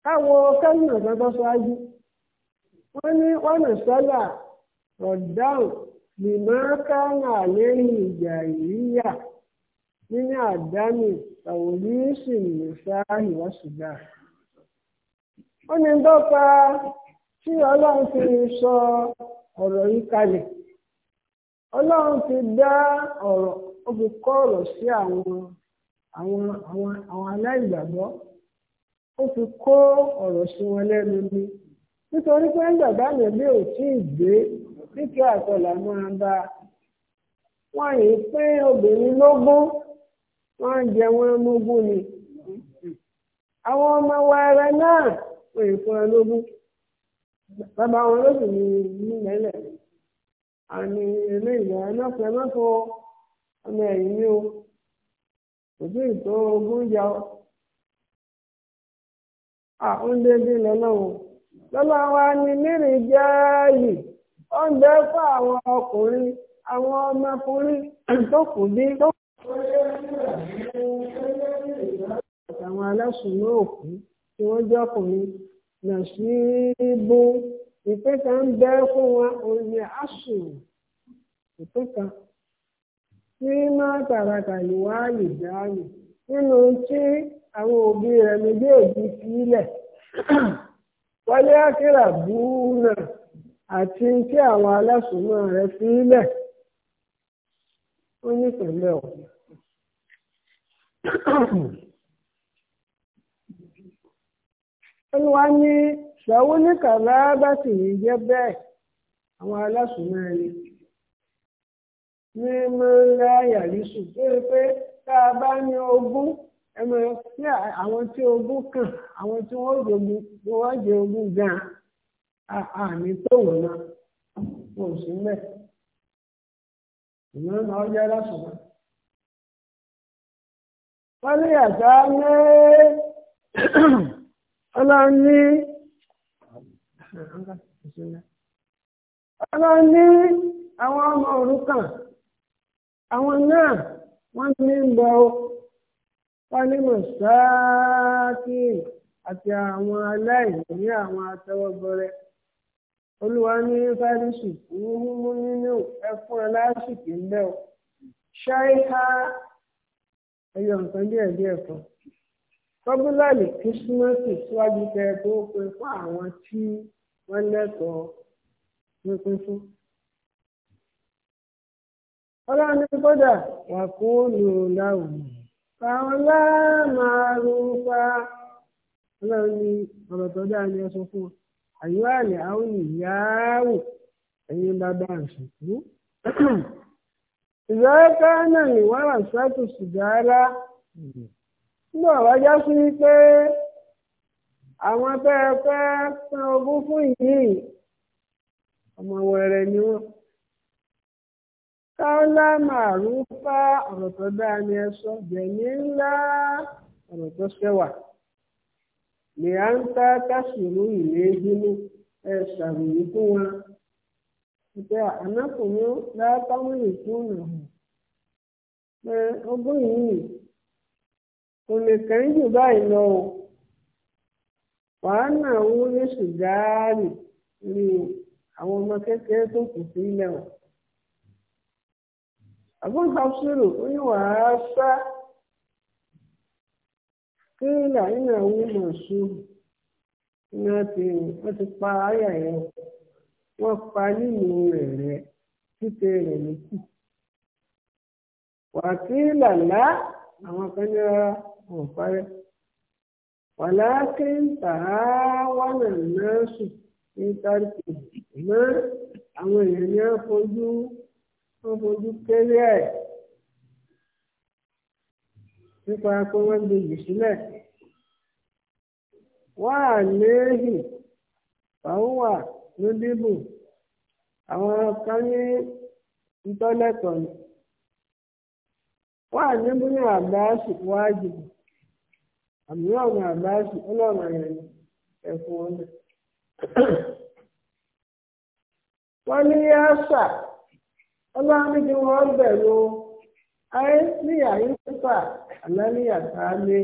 káwọn kẹ́yìn ọ̀sán tó ṣáájú wọ́n ní ọ̀nà sọ́là rọ̀dáùn lìmọ́kànà lẹ́yìn ìjà ìyíyà nínú àdámì tàwọ̀lìsì nìsáàhì wá ṣùgbà. ó ní dọ́pa tí ọlọ́run fi sọ. ọ̀rọ̀ yìí kalẹ̀ ọlọ́run ti dá ọ̀rọ̀ ó fi kọ́ ọ̀rọ̀ sí àwọn àwọn àwọn àwọn aláìgbàgbọ́ ó fi kó ọ̀rọ̀ sí wọn lẹ́nu ni nítorí pé gbàgbá mi bí ò tí ì gbé nítorí àtọ̀là máa bá wọn yìí pé obìnrin lógún wọn jẹ wọn mógún ni àwọn ọmọ wa ẹrẹ náà wọn yìí fún ẹ lógún. bàbá wọn ló sì ní nílẹ̀ àmì ilé ìgbà ẹlọ́pẹ́ mọ́tò ọmọ ẹ̀yìn ni o kò sí ìtò ogún ya ọ. àkúndé dín lọ́lọ́wọ́ wọn wa ni mírìn jáàyè ó ń bẹ fún àwọn ọkùnrin àwọn ọmọkùnrin tó bí àwọn aláṣùnú òkú tí wọ́n nàṣíbù ìpín kan ń bẹ fún onye òun ni àṣù ìpín kan tí máa tàràkà ìwà ìdáàlì nínú tí àwọn òbí rẹ̀ méjèèjì sílẹ̀ wálé ákírà búúnà àti tí àwọn alásùnmọ́ rẹ̀ sílẹ̀ ó olúwa ní ṣàwó ní kàlá bá sì ní jẹ́ bẹ́ẹ̀ àwọn aláṣùmọ́ ẹni ní mọ́lá yàrísù tó pé tá a bá ní ogún ẹmọ tí àwọn tí ogún kàn àwọn tí wọ́n jogun wọ́n jẹ ogún gan-an àmì tó wọ́n náà wọ́n sì ń bẹ̀ ìmọ̀ náà jẹ́ aláṣùmọ́. wọ́n ní àṣà ní. ọlọ́ni ọlọ́ni àwọn ọmọ òrukàn àwọn náà wọ́n ti ń pálímọ̀ sáàkì àti àwọn aláìní àwọn atẹ́wọ́bọrẹ olúwa ní fáríṣì wúwú nínú ẹkùn aláṣìkì ń ọ ẹyọ nǹkan kan. tọ́búlàlì kìsímọ́sì síwájú kẹ tó pin fún àwọn tí wọ́n lẹ́tọ̀ọ́ pínpín fún. ọlọ́run ní kódà wà kó lò láwùjọ káwọn láàmárùfà ọlọ́run ní ọ̀rọ̀ tó dáa ni ẹ sọ fún wọn àyíwá àlẹ́ àwọn ìyáwó ẹ̀yin bàbá àṣùkú. ìyá ká náà ní wàhálà sátò sìgá rá nígbà wájá sí pé àwọn tẹ́ ẹ fẹ́ san ogún fún yìí ọmọ wẹrẹ ni wọ́n káọ́lá màrún fá ọ̀rọ̀ tó dáa ni ẹ sọ jẹ̀mí ńlá ọ̀rọ̀ tó ṣẹwà lè à ń tá káṣìírú ìlédínú ẹ ṣàròyé fún wọn ìpè ànákùnrin látàmúlì fún ọ̀nà pé ogún yìí kò lè kàn jù báyìí lọ o wàá nà owó ní ṣùgáàrì ni àwọn ọmọ kékeré tó kù sílẹ̀ o. àbúrò hapsiru wàá sá kírílà nínú àwọn mọ̀ọ́sù wọ́n ti pa àyà yẹn wọ́n pa nínú rẹ̀ rẹ̀ títẹ̀ rẹ̀ wọn ò parẹ́ wàlákìn tààwọnà náà sùn ní tárìkì mọ́ àwọn fojú wọ́n fojú kéré ẹ̀ nípa pé wọ́n gbèjì sílẹ̀ wọ́n à léèhì fàáwà ló dìbò àwọn kan ní ntọ́lẹ́tọ̀ ni wọ́n à níbúrú àbáṣe wájú. àmì ọ̀nà àbáṣì ọlọ́run àyàn ni ẹ̀fún ọ̀nà. wọ́n ní ọ ọlọ́run ní wọ́n bẹ̀rù ayé ní àyíká àlàníyà sáálé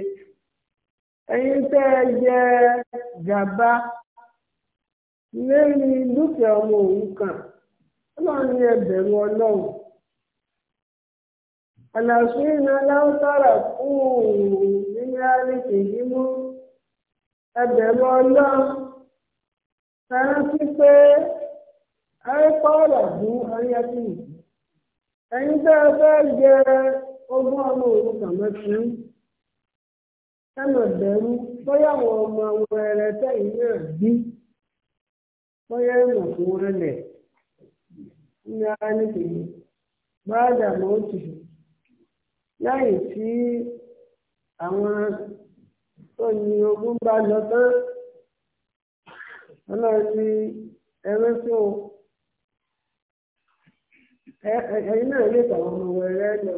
ẹ̀yin tẹ́ ẹ Gaba. gàba lórí dúkìá ọmọ òun kan ọlọ́run ní ẹ bẹ̀rù ọlọ́run àlàsùn iná dáríkì yìí mú ẹbẹ̀rù ọlọ́run rántí pé àìpọ̀rọ̀ fún ọyẹ́tì ẹ̀yin tẹ́ ẹ fẹ́ jẹ ogún ọmọ ẹnà bóyá àwọn ọmọ wẹrẹ tẹ̀yìn náà bí bóyá ẹ̀nà kó rẹlẹ̀ ní ara lẹ́yìn àwọn tó ní ogún bá lọ tán ọlọ́run ní ẹrẹ́ tó ẹ̀yin náà lè tàwọn ọmọ wẹ̀rẹ́ lọ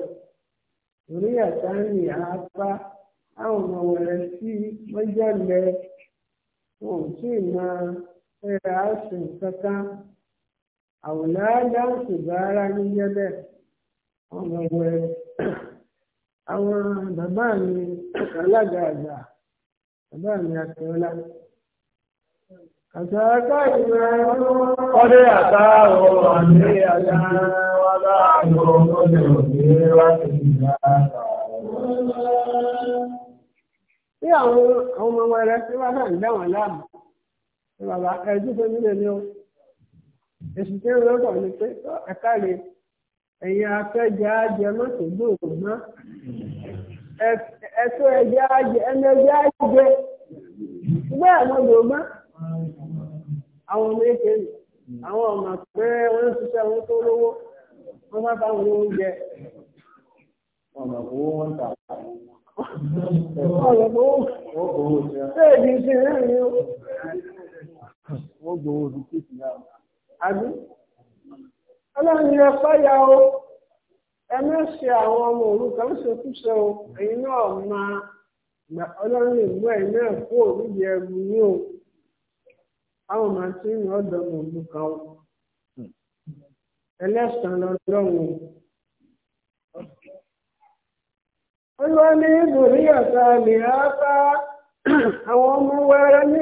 orí apá àwọn ọmọ wẹ̀rẹ́ tí wọ́n jẹ́ wọn ò tí ì máa fẹ́ra ọ̀sìn kankan bá ara ọmọ àwọn bàbá mi alága àgbà bàbá mi akẹ́ọ́lá. Àtàkà ìgbà ẹ̀rọ. Ọdẹ àtà ọ̀rọ̀ àti àyà wa láàárọ̀ lọ́dẹ òde láti ìgbà àtà. Bí àwọn ọmọ ọmọ rẹ̀ tí wọ́n sàn dá wọn láàmú, ṣé bàbá ẹjú tó nílé ni ó? Èsì tí ó lọ́tọ̀ ni pé ẹ̀ka rèé. Enyi afẹ́jẹ́ ajẹ mọ́tò gbòògbọ́n ẹ̀tọ́ ẹ̀jẹ̀ ajẹ ẹni ẹ̀jẹ̀ ajẹ bẹ́ẹ̀ mọ́ gbòògbọ́n àwọn ọmọ èké àwọn ọmọ pé wọ́n ń ṣiṣẹ́ wọn tó lówó wọ́n bá oúnjẹ. ọlọ́run yẹ fáyà o ẹ ṣe àwọn ọmọ òrukàn ṣekúṣe o ẹ̀yin náà máa ọlọ́run lè mú náà kú òrùlé ẹrù ní o àwọn máa ti ń ọmọ o ẹlẹ́sàn-án lọ́dọ̀ọ̀hún o. olúwa ní ìdòrí lè á bá àwọn ọmọ wẹrẹ ní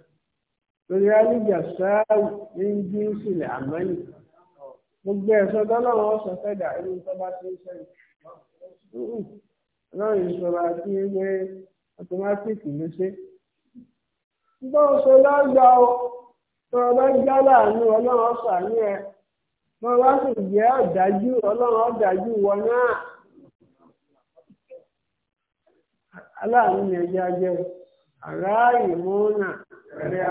torí alíjà sáàwù ní jíǹsì àmọ́yìn gbogbo ẹ̀sọ́ tọ́lọ́wọ́ sọ fẹ́dà ẹni tó ń sẹ́yìn lọ́rùn ìṣọ̀rọ̀ àti ewé ọtọmátìkì ló ṣe. bó o ṣe lọ́gbà o tó o bá láàánú ọlọ́run ẹ bó bá sì jẹ́ ọ̀dájú ọlọ́run ọ̀dájú wọn náà. aláàánú mọ́nà rẹ̀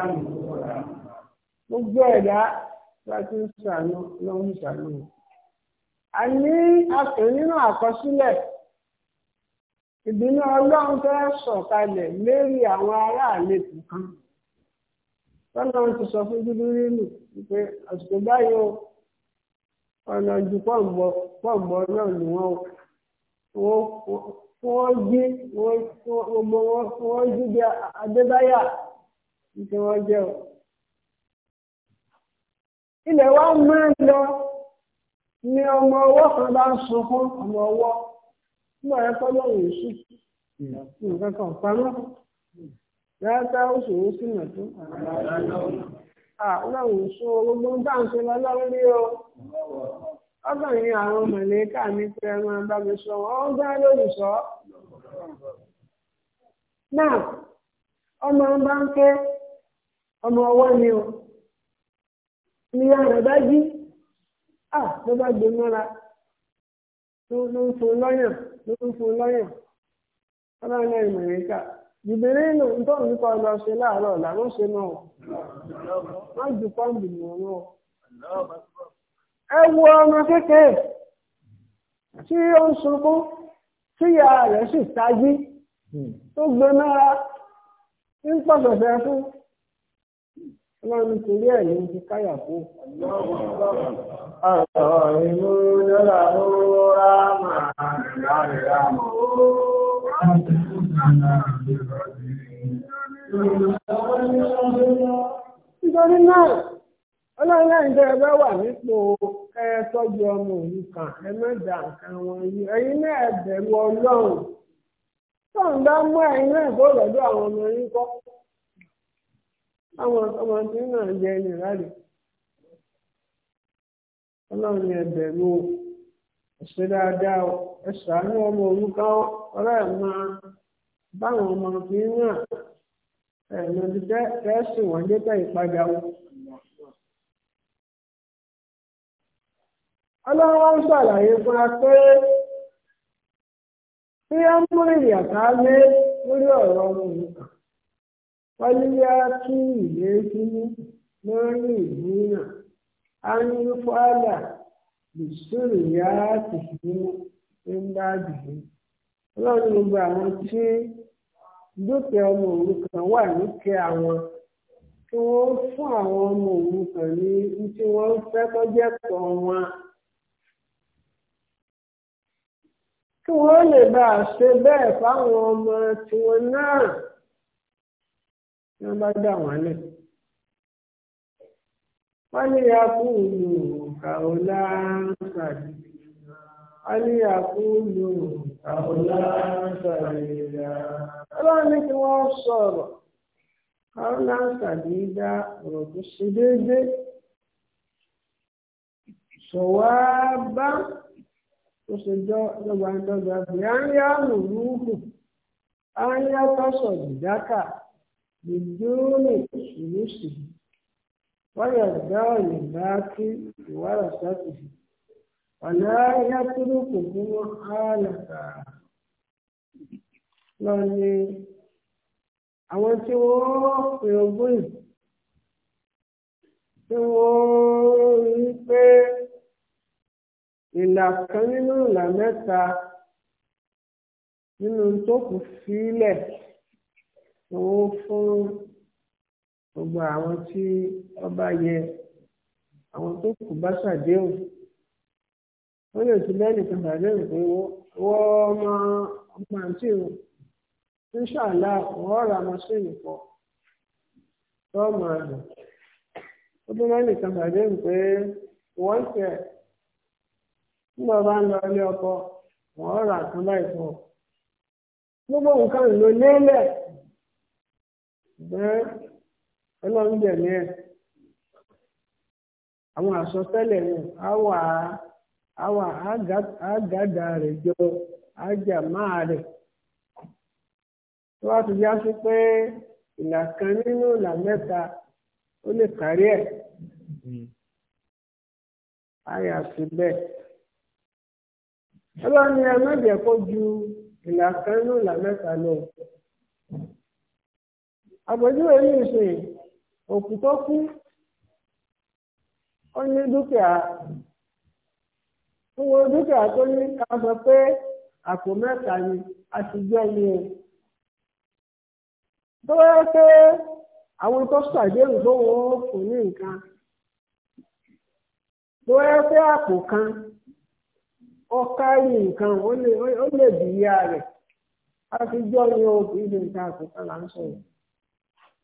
gbogbo ẹ̀dá ń ló ń a ní apè nínú àkọsílẹ̀ ìbínú ọlọ́run fẹ́ sọ̀kalẹ̀ lérí àwọn kan sọ fún dúdú nínú pé àsìkò báyìí ọ̀nà ju náà ni wọ́n jí wọ́n jí bí ilẹ̀ wa máa ń lọ ni ọmọ ọwọ́ kan bá ń sọ fún ọmọ ọwọ́ nígbà yẹn kọ́ lóhùn èṣù nǹkan kan pamọ́ dáadáa ó sì ń tó gbogbo bá ń rí o ọgbọ̀n àwọn mọ̀lẹ́kà mi máa bá mi sọ ni ọ̀rọ̀ bá jí à ló bá gbé mọ́ra ló ń fún lọ́yàn ló ń fún lọ́yàn ọlọ́run ẹ̀rìn mẹ̀ríkà ìbéèrè ìlú tó ṣe láàárọ̀ làwọn ṣe náà wọ́n ju pọ́ǹbù ẹ wo ọmọ kékeré tí ó ń ṣubú rẹ̀ sì tají tó gbé ọlọ́run nítorí ẹ̀ ló ń fi káyà kó. ọ̀rọ̀ ìlú lọ́la ó rá màá rẹ̀ rà mọ́. ọlọ́run lẹ́yìn tẹ́ ẹ wà nípò ẹ ọmọ òun kan ẹ má wọn yìí ẹ̀yin náà ẹ ọlọ́run tó mú ẹ̀yin náà kó lọ́dọ̀ àwọn ọmọ yín kọ́. àwọn ọmọ tí náà jẹ ẹni láre ọlọ́run ni ẹbẹ̀rù o dáadáa ọmọ ọ̀rẹ́ ẹ̀ máa báwọn ọmọ tí náà ẹ̀mọ ti tẹ́sí wọ́n dé tẹ́ ìpadà o. ọlọ́run ṣàlàyé fún wa pé bí wọ́n mú ìyàtá lé lórí wáyé yá kí ìlérí lórí ìgbìyàn á ní fọ́ọ̀là lùsùrù yá tìṣú ńlá jùlọ ọlọ́run gbogbo àwọn tí dúkìá ọmọ òrukàn wà níkẹ́ àwọn kí wọ́n fún àwọn ọmọ ní tí wọ́n fẹ́ kọjá pọ̀ wọn. kí wọ́n lè bá a ṣe bẹ́ẹ̀ fáwọn ọmọ tiwọn náà. ni wọ́n bá dà wọ́n lẹ̀. wọ́n ní akúlù kàólá sàdí. wọ́n ní akúlù kàólá ọlọ́run ní kí wọ́n sọ̀rọ̀ kàólá sàdí dá ọ̀rọ̀ tó ṣe déédéé. sọ̀wá bá ó ṣe jọ bí ń yá àrùn rúùkù a ń yá tọ́sọ̀ بدون فلوسه ويدعي الباقي ورثته ولا يتركهم خالفا lọ́ni àwọn tí wọ́n pè ogún yìí tí wọ́n rí pé ìlà kan nínú ìlà mẹ́ta nínú tó kù sílẹ̀. owó fún gbogbo àwọn tí ọba yẹ àwọn tó bá ṣàdéhùn wọ́n lè ti lẹ́nu kan ṣàdéhùn pé wọ́n mọ ọmọ àǹtí o níṣàlá wọ́n ra mọ́ṣíìnì pọ̀ tọ́ọ̀mù àdùn ó tún lẹ́nu kan ṣàdéhùn pé wọ́n tẹ̀ nígbà bá ń lọ ọkọ wọ́n rà kan ọ gbogbo nǹkan ṣùgbọ́n ọlọ́run dẹ̀mí ẹ̀ àwọn àsọtẹ́lẹ̀ náà á wà á wà á gàdà rẹ jọ á jà máa rẹ. tó wá ti já sí pé ìlà kan nínú ìlà mẹ́ta ó lè kárí ẹ̀ àyà sí bẹ́ẹ̀ ọlọ́run ni ẹ má jẹ́ kó ju ìlà kan nínú ìlà mẹ́ta lọ. àpèjúwe yìí ṣe òkú tó kú ó ní dúkìá tó ní ká sọ pé a ti jẹ́ ní o tó bá yẹ pé àwọn tó ṣàdéhùn tó wọ́n kò ní nǹkan tó kan nǹkan ó lè a ti jọ́ ní kan là ń sọ̀rọ̀.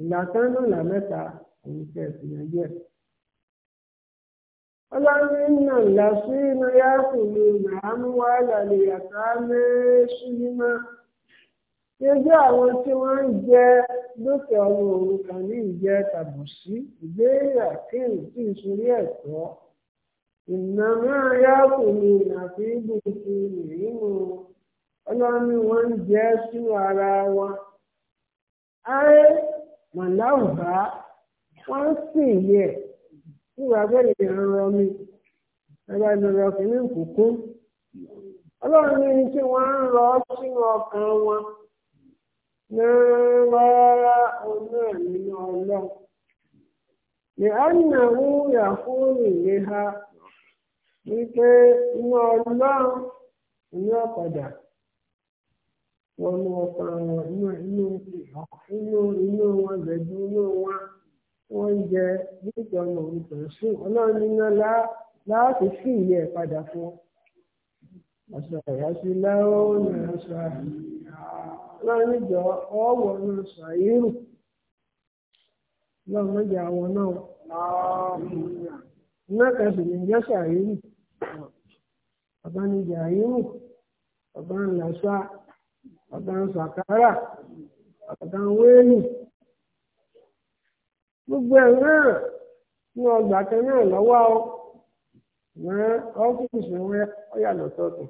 ìgbà kan náà là mẹ́ta òun fẹ́ ìyànjú ẹ̀. ọlọ́run náà là sí iná yáàfù ní nàámú wàhálà lè yàtọ̀ mẹ́sù nímọ̀. ṣéjú àwọn tí wọ́n ń jẹ dúkìá ọmọ òun kan ní ìjẹ tàbùsí ìbéèrè àkíyèsí tí ìṣòrí ẹ̀tọ́. ìnáwó yáàfù ní ìnàfí ibùsùn nìyíwò ọlọ́run wọ́n ń jẹ sínú ara wọn. màláùbá wọ́n ń sìn yẹ nígbà bẹ́ẹ̀ ìran mi ẹgbẹ́ ìdọ̀rọ̀ kìíní kòkó ọlọ́run ní tí wọ́n ń rọ sínú ọkàn wọn ní rárá ọ̀nà nínú ọlọ́run ní ànàwó yàfóònù ìléha wípé inú ọlọ́run ní ọ̀padà. wọnú ọpọlọ wọn inú inú inú inú wọn gbẹdú inú wọn wọn ń jẹ ọmọ òrukàn sùn ọlọ́run níná láàfin sí ilé padà fún ọ̀sẹ̀ ìyàsí láwọn ọ̀nà ọ̀sẹ̀ ọlọ́run ọ̀wọ̀ ọ̀nà àwọn náà iná kan sì ní ọ̀gán sàkárà nwere wéèlì gbogbo ẹ̀ náà ní ọgbà kan náà lọ́wọ́ o wọ́n ọ́fíìsì wọn ọ̀yà lọ́tọ̀ọ̀tọ̀.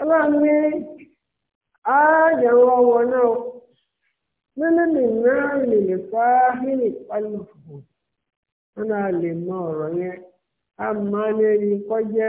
ọlọ́run ní ààyẹ̀wò ọwọ́ náà nínú lè lè wọn náà lè mọ ọ̀rọ̀ yẹn a máa ń rí kọjá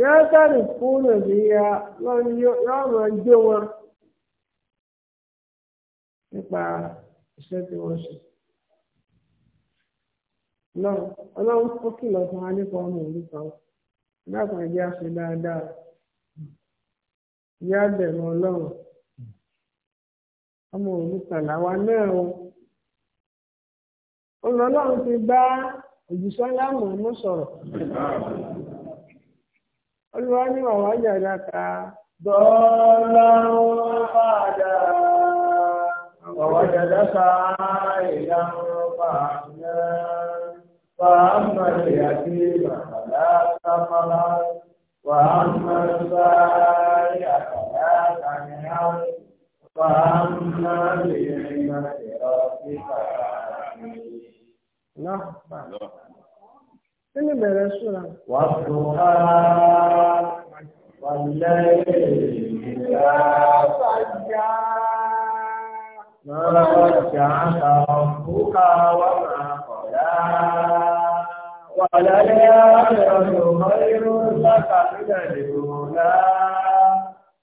yóò sọ̀rọ̀ fún òbí ya yóò máa jó wọn ṣe. ọlọ́run ó fún wa nípa ọmọ òrùka o dákun ẹ̀jẹ̀ ya ọlọ́run ọmọ òrùka làwa o. ti bá sọ̀rọ̀. olùwà ní wàwá yàrá ká. dọ́là ń padà wàwá yàrá ká ìyá ń padà fàámà ìyàtí bàbá sáfàlà wàhámà sáyà bàbá kàníyà wàhámà lè rìn àjẹrọ sí bàbá nínú ìbẹ̀rẹ̀ sùúrà. wà á tó há wà lẹ́yìn ìgbà sàjà. Lọ́la ọjà ta ọ̀fúnká wà máa kọ̀dá. Wà lálẹ́ àjọyọ̀ mọ́lẹ́rú sáka nígbà ìdìbò náà.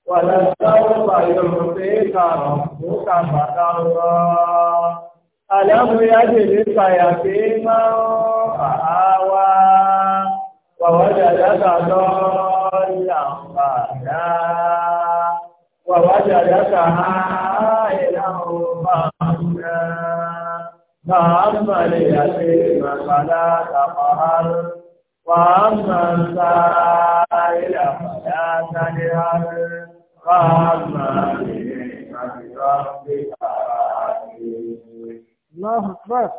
Wà lọ́sọ̀rọ̀ pàyọ̀ fún pé kà ọ̀fúnká bàtà rọ̀. Àlámúyájè nípa ìyàfé máa ń àáwá wàwádà látàtọ́ ìlànfàdá wàwádà látà ìlànfàdá Màámà lè yàfé màkàlá tàbàhár wàámà ń sá ìlànfàdá tàbàhár wàámà lè yàfé màkàlá lọ́hùn bọ́ọ̀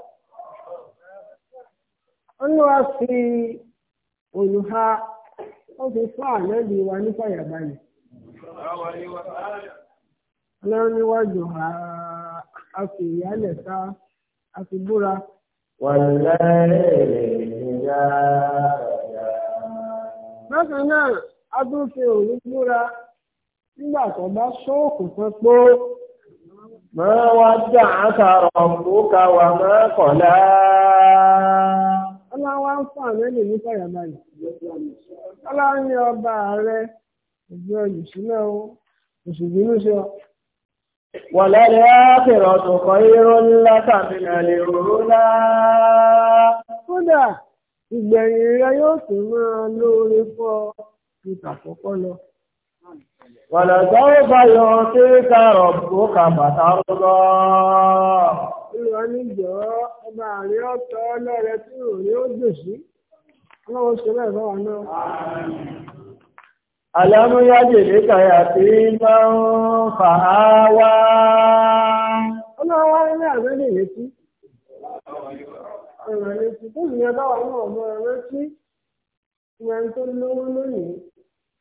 olúwa fi olùhà ó fi fún àlẹ́bí wa ní fàyàbalẹ̀ ọlọ́run níwájú a fi ìyálẹ̀ ta a fi búra. bákan náà a tún ما ودعك ربك وما قلى ọlá wa ń fún àmì ẹnì nípa ìyàmá yìí ọlá ní ọba ààrẹ ìjọ ìṣúná o oṣù bínú ṣe ọ. wọ̀lẹ́lẹ́ àkèrò tó kọ irú ńlá tàbílẹ̀ lè rúrú ńlá. kódà ìgbẹ̀yìn rẹ yóò tún máa lóore fọ́ ju tàkọ́kọ́ lọ. Wàlẹ̀sọ́wọ́ báyọ̀ tí kàrọ̀ bókà bàtà rọ́gọ́. Ìwọ ní jọ ọba àrí ọ̀tọ̀ ọlọ́rẹ tí ò ní ó dùn sí. Ọlọ́run ṣe bẹ́ẹ̀ fún wa náà. Àlámúyájì ní kàyà tí máa ń fà á wá. Ọlọ́run wá ní àgbẹ̀ lè létí. Ọ̀rọ̀ létí tó ìyẹn bá wà náà mọ́ ọ létí. Ìyẹn tó lówó lónìí.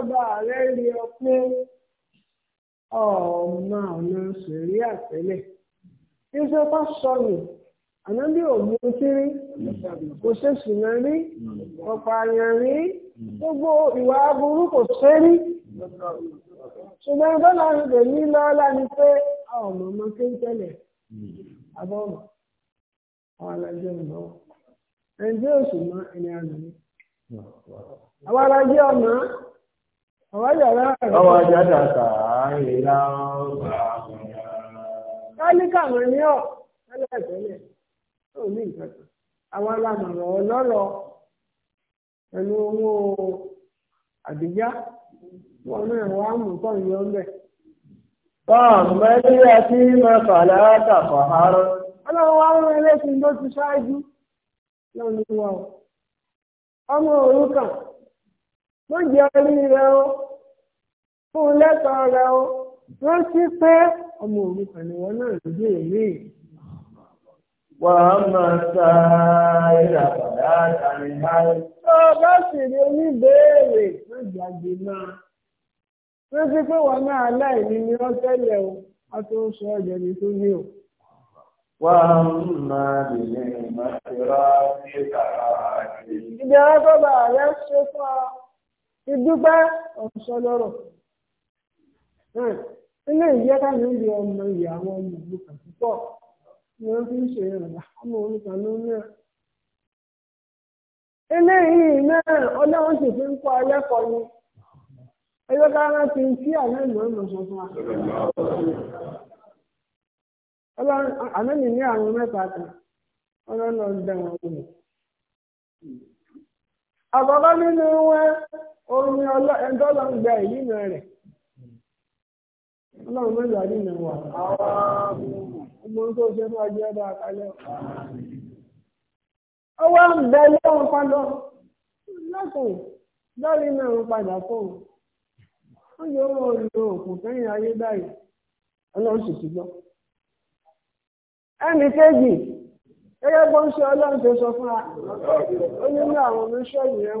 bàbá rẹ̀ rí ọ pé ọ̀ọ́mà ọ̀nà sèrí àtẹ́lẹ̀ iṣẹ́ bá sọnù ànábì ò mú kiri kò ṣe ṣìnà rí ọ̀pọ̀ àyàn rí gbogbo ìwà aburú kò ṣe rí ṣùgbọ́n bọ́lá ń lè ní lọ́ọ́lá ni pé ọ̀ọ́mà ọmọ kéńtẹ́lẹ̀ abọ́ọ̀mà àwọn alájọ́ ìmọ̀ ẹni tí ó sì mọ ẹni àná ni àwọn alájọ́ ọ̀nà. Àwọn yàrá rẹ̀. Ọwọ́ ajá dàtà ìlà ọgbà àgbàyà. mọ̀ ní ọ̀ tẹ́lẹ̀tẹ́lẹ̀ tó ní ìkẹta. Àwọn alámọ̀ràn ọlọ́rọ̀ pẹ̀lú owó àdìjá wọn náà wà mú pọ̀ ní hárọ́. Ọlọ́run wá tó ti ṣáájú wọ́n jẹ orí rẹ o fún lẹ́tọ̀ọ́ rẹ o rántí pé ọmọ òun pẹ̀lú wọn náà ló dé èmi. wà á máa ta ìlà bàbá àtàrí báyìí. tó o bá sì rí oníbèèrè má gbàgbé náà rántí pé wọn náà aláìní ni wọn tẹ́lẹ̀ o a tó ń sọ ọjà ní tó ní o. wà á máa bìnrin máa ti rà ní kàkà àti. ìjọba bàbá ṣe fún ọ. ìdúpẹ́ ọ̀sọ́lọ́rọ̀ ilé ìjẹ́ káàmì ń di ọmọ ìyá àwọn ọmọ ìlú kan púpọ̀ ni wọ́n fi ń ṣe ọmọ orúkọ lórí ẹ̀. ilé yìí náà ọlọ́run sì fi ń kọ́ ni ẹgbẹ́ káwọn ti ń ìmọ̀ ìmọ̀ sọ fún wa. mi orin ọlọ ń gba èyí nà rẹ̀ ọlọ́run mẹ́rin àdé ìnà wà ọmọ tó ṣe àkálẹ̀ ń bẹ padà náà ń padà ó òkú ayé báyìí ọlọ́run sì ti gbọ́ ẹnì kejì gẹ́gẹ́ bó ń ṣe ọlọ́run sọ fún wa ó àwọn oníṣẹ́ ìyẹn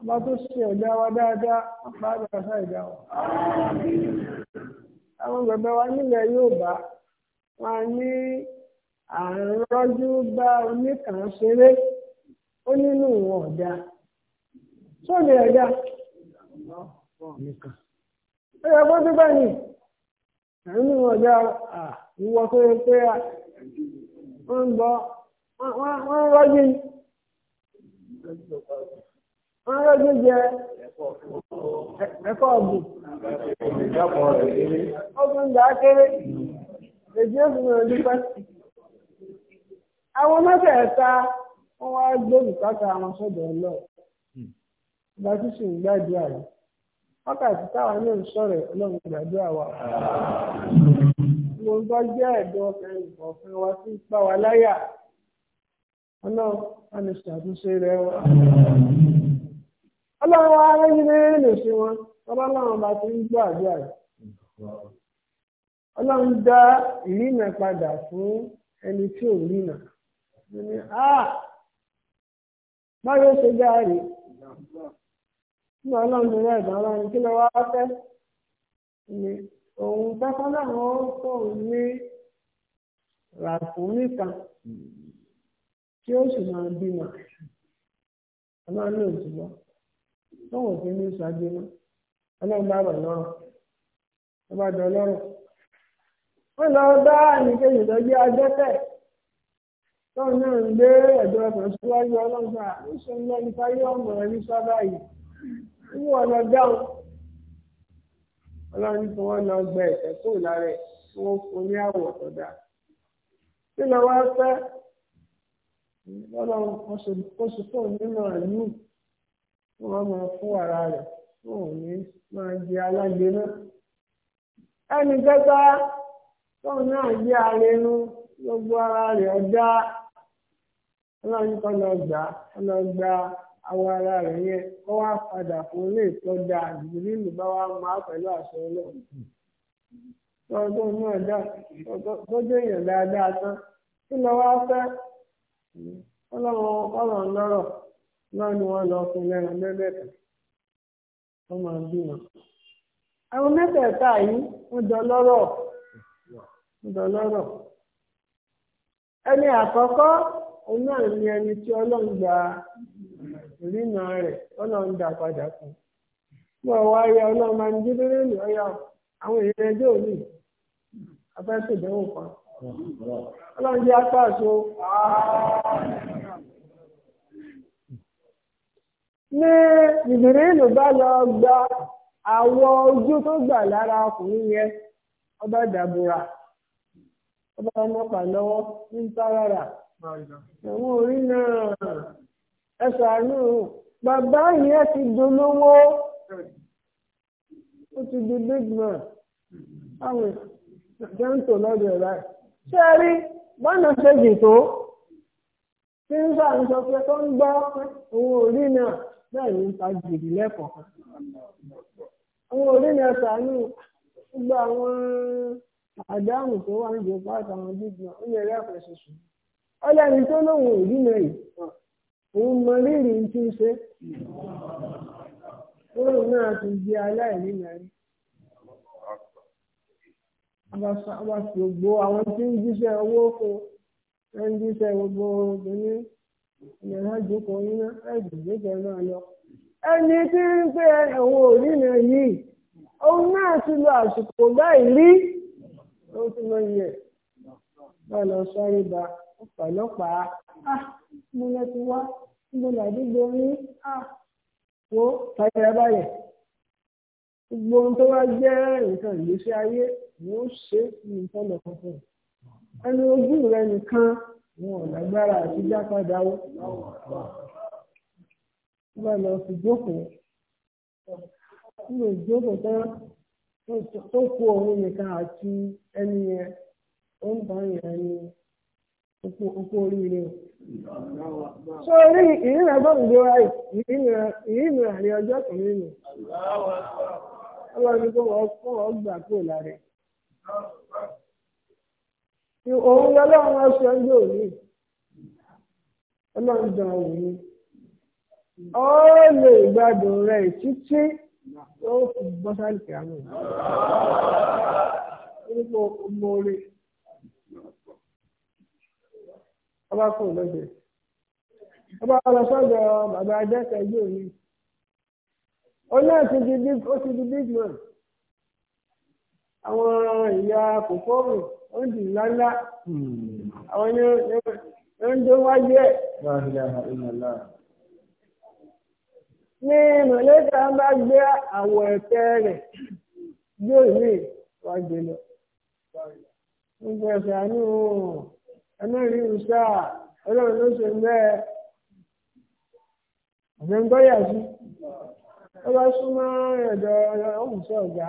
ọba tó ṣe ọ̀dá wa dáadáa ọba àgbàṣà ìdá wa. àwọn bàbá nílẹ̀ Yorùbá wọn a ní bá oníkàn ṣeré ó nínú ìwọ̀n ọ̀dá sóde ó ní nínú ìwọ̀n ọ̀dá ìwọ tó Rárá jíjẹ ẹ̀kọ́ ọ̀gbìn. Ogun ìgbà kéré. Èjì oṣù náà dúpẹ́. Àwọn mẹ́tẹ̀ẹ̀ta wọ́n wá gbé bùkátà àwọn sọ́dọ̀ ọlọ́. Ìgbà tí sì ń gbàdúrà rẹ̀. Wákàtí táwọn náà ń sọ̀rọ̀ ọlọ́run gbàdúrà wa. Mo gbọ́ jẹ́ ẹ̀dọ́ ọkùnrin ìfọ̀fin wa tí ń wa láyà. Ọlọ́run, wọ́n ọlọ́run wa rẹ́yìn lérè ṣe wọn ọlọ́run bá ti ń gbọ́ àdúrà rẹ̀ ọlọ́run dá ìrìnà padà fún ẹni tí ò rìnà ní ah! báyọ̀ ṣe járe ní ọlọ́run rẹ̀ ìdánwò kí ni òun ní ràkúnmí tí ó sì máa bímọ lọ́wọ́ sí ní ìṣáájú náà ọlọ́run bá rọ̀ lọ́rọ̀ ó bá dán lọ́rọ̀ wọ́n lọ bá àyíkéyìí tó jẹ́ adẹ́tẹ̀ tóun náà ń gbé ẹ̀dọ́ ọkùnrin síwájú ọlọ́gbà níṣẹ́ ń táyé ọmọ ní sábà yìí nínú ọ̀nà dáhùn ọlọ́run wọ́n lọ gbẹ wọ́n fún ní àwọ̀ ọ̀dà wọ́n máa fún ara rẹ̀ wọn ò ní máa jẹ alágbe náà. ẹnì kẹta tóun náà jẹ arẹnu gbogbo ara rẹ̀ ọjà lọ gbà á lọ gba àwọn ara rẹ̀ yẹn kó wá padà fún ilé ìtọ́jà ìbílíìlú bá wá máa pẹ̀lú ọlọ́run. tọ́jú náà dá tọ́jú èèyàn dáadáa tán kí fẹ́ ọlọ́run náà ni wọ́n lọ fún lẹ́ran mẹ́mẹ́ta wọ́n máa ń bímọ. àwọn mẹ́tẹ̀ẹ̀ta yìí wọ́n jọ lọ́rọ̀ ẹni àkọ́kọ́ òun náà ẹni tí ọlọ́run gba ìrìnà rẹ̀ ọlọ́run dá padà fún un wọ́n wá yẹ ọlọ́run máa ń dídí lẹ́nu ní jìbìrìlù bá lọ gba àwọ̀ ojú tó gbà lára ọkùnrin yẹn ọba dàbúrà ọba ọmọkà lọ́wọ́ ń táràrà ẹ̀wọ̀n orí náà ẹ ṣàánú bàbá yẹn ti dolówó ó ti di big man àwọn jẹ́ǹtò lọ́dọ̀ ẹ̀rá ẹ̀ ṣé rí bọ́nà ṣèjì tó tí ń sọ bẹ́ẹ̀ ni ń ta jìbì lẹ́kọ̀ọ́. àwọn òde ni ẹ̀sánú gbogbo àwọn àdáhùn tó wà ń jẹ pàtó àwọn bíbí náà ọsịsọ. yẹ ọlẹ́ni tó lóun ò rí mẹ́rin òun mọ rírì ń tún ṣe. Oòrùn náà ti di aláìní mẹ́rin. gbogbo àwọn tí ń jíṣẹ́ owó ìyàrá ìjókòó yín náà ẹ̀dùnúgbò jẹ́ máa lọ. ẹni tí ń pé ẹ̀wọ̀n òrìnà O òun náà ti lo àsìkò báyìí rí ti lọ yẹ bá lọ sáré ba ọ̀pọ̀lọpàá ah, mo lọ ti wá mo ah, wo báyẹ gbogbo ohun tó wá nǹkan ìgbésí ayé ni ó ṣe nǹkan ẹni ojú rẹ nìkan. wọn ò lágbára àti jápadà ó wọ́n bá lọ fi jókòó nínú ìjókòó tán tó kó òun nìkan àti ẹni yẹn ó ń tàn yẹn ní oko oríire sọ orí ìrìnà gbọ́dọ̀ wa ìrìnà àrí ọjọ́ kan nínú. ọlọ́run wọ́n gbà lára ẹ̀. òun lọ́lọ́run wọn ṣe ń yóò ní ọlọ́run dán òun ní ó lè gbádùn rẹ̀ títí ó fi bọ́ sálìkì àmọ́ nípa mọ́ọ́rẹ́ ọba kò lọ́dẹ̀ ọba lọ sọ́dọ̀ bàbá adẹ́kẹ̀ yóò ní ó náà ti di big man àwọn ìyá kòkòrò. Ojì dì àwọn yóò ń dó wájú ẹ̀. bá gbé àwọ̀ ẹ̀fẹ́ rẹ̀ yóò rí wájú lọ. gbogbo ẹ̀fẹ́ àánú rí ìṣá ọlọ́run ló ṣe ọ̀gbẹ́ngbọ́yà sí. súnmọ́ ẹ̀dọ̀ ọ̀hún sí ọ̀gá.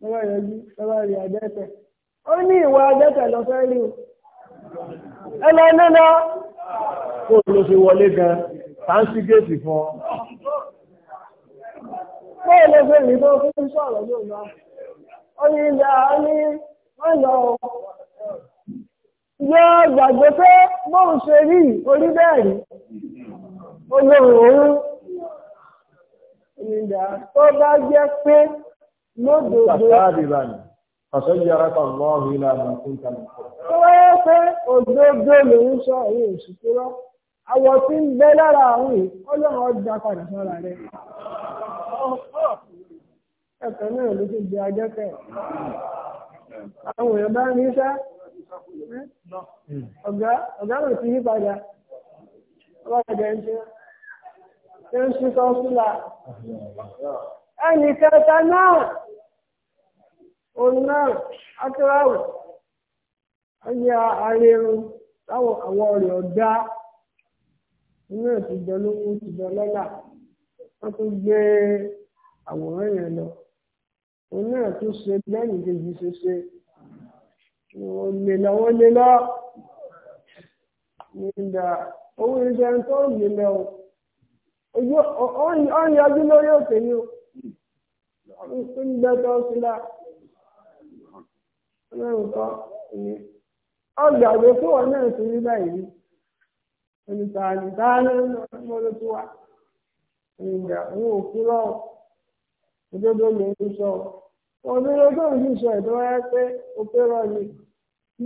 lọ́wọ́ yọjú lọ́wọ́ rí adẹ́tẹ̀ ó ní ìwà o ẹlẹ́ nínú kó ló ṣe wọlé gan fáńsì géètì fún ọ. pé ló ṣe tó fún sọ̀rọ̀ ó ní ó ní wọ́n lọ o yọ gbàgbé pé bóun ṣe rí orí bẹ́ẹ̀ rí olóhùn òun tó lódodo. Àṣẹ yára kan lọ́ọ̀rù ilé àmà fún ìtàlẹ̀. Tó wáyé pé òdodo lòun sọ èyí òṣìṣẹ́ lọ. Àwọ̀ tí ń bẹ lára àwọn yìí, ọlọ́run ọjà padà sọ́ra rẹ̀. Ẹ̀kọ́ náà ló ti di ajẹ́kẹ̀. Àwọn èèyàn bá ń rí sá. Ọ̀gá ọ̀gá mi ti yí padà. Ọlọ́run ẹ̀jẹ̀ ń ṣe. Ṣé ń ṣí sọ́ọ́sùlà? ẹnì kẹta náà O náà átúráwù ẹni arírun táwọn àwọn ọ̀rẹ́ ọ̀dá inú ìtìjọ lówó ìtìjọ lọ́là wọ́n tún gbé àwòrán yẹn lọ òun náà tún ṣe lẹ́yìn kejì ṣe ṣe lè ń gbẹ́tọ́ sílá ọlọ́run kọ́ ọgbàgbé fún ọ náà sí rí báyìí olùtàní tààlẹ́ tó wà ìgbà òun ò kúrọ̀ òdodo ló ń sọ òdodo tó ń fi sọ ìtọ́ wáyé pé ó pé rọ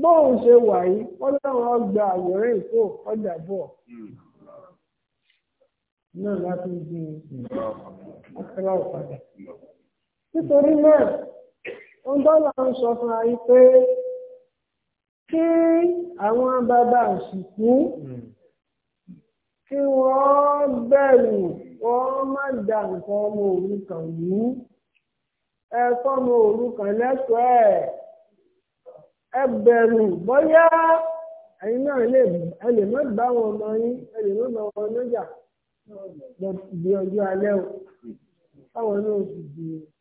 bóun ṣe wà yìí ọlọ́run ọgbà àwòrán ìkó ọjà bọ̀ náà láti ń di ọkọlá òpadà nítorí náà ohun dọ́là ń sọ fún wa yìí pé kí àwọn bàbá òsìkú kí wọ́n bẹ̀rù wọ́n má dà nǹkan ọmọ òrukàn mú ẹ̀kọ́ ọmọ òrukàn lẹ́kọ̀ọ́ ẹ̀ ẹ bẹ̀rù bóyá ẹ̀yin náà lè ẹ lè má bá wọn ọmọ yín ẹ lè má bá wọn lọ́jà di ọjọ́ alẹ́ o báwọn náà sì di.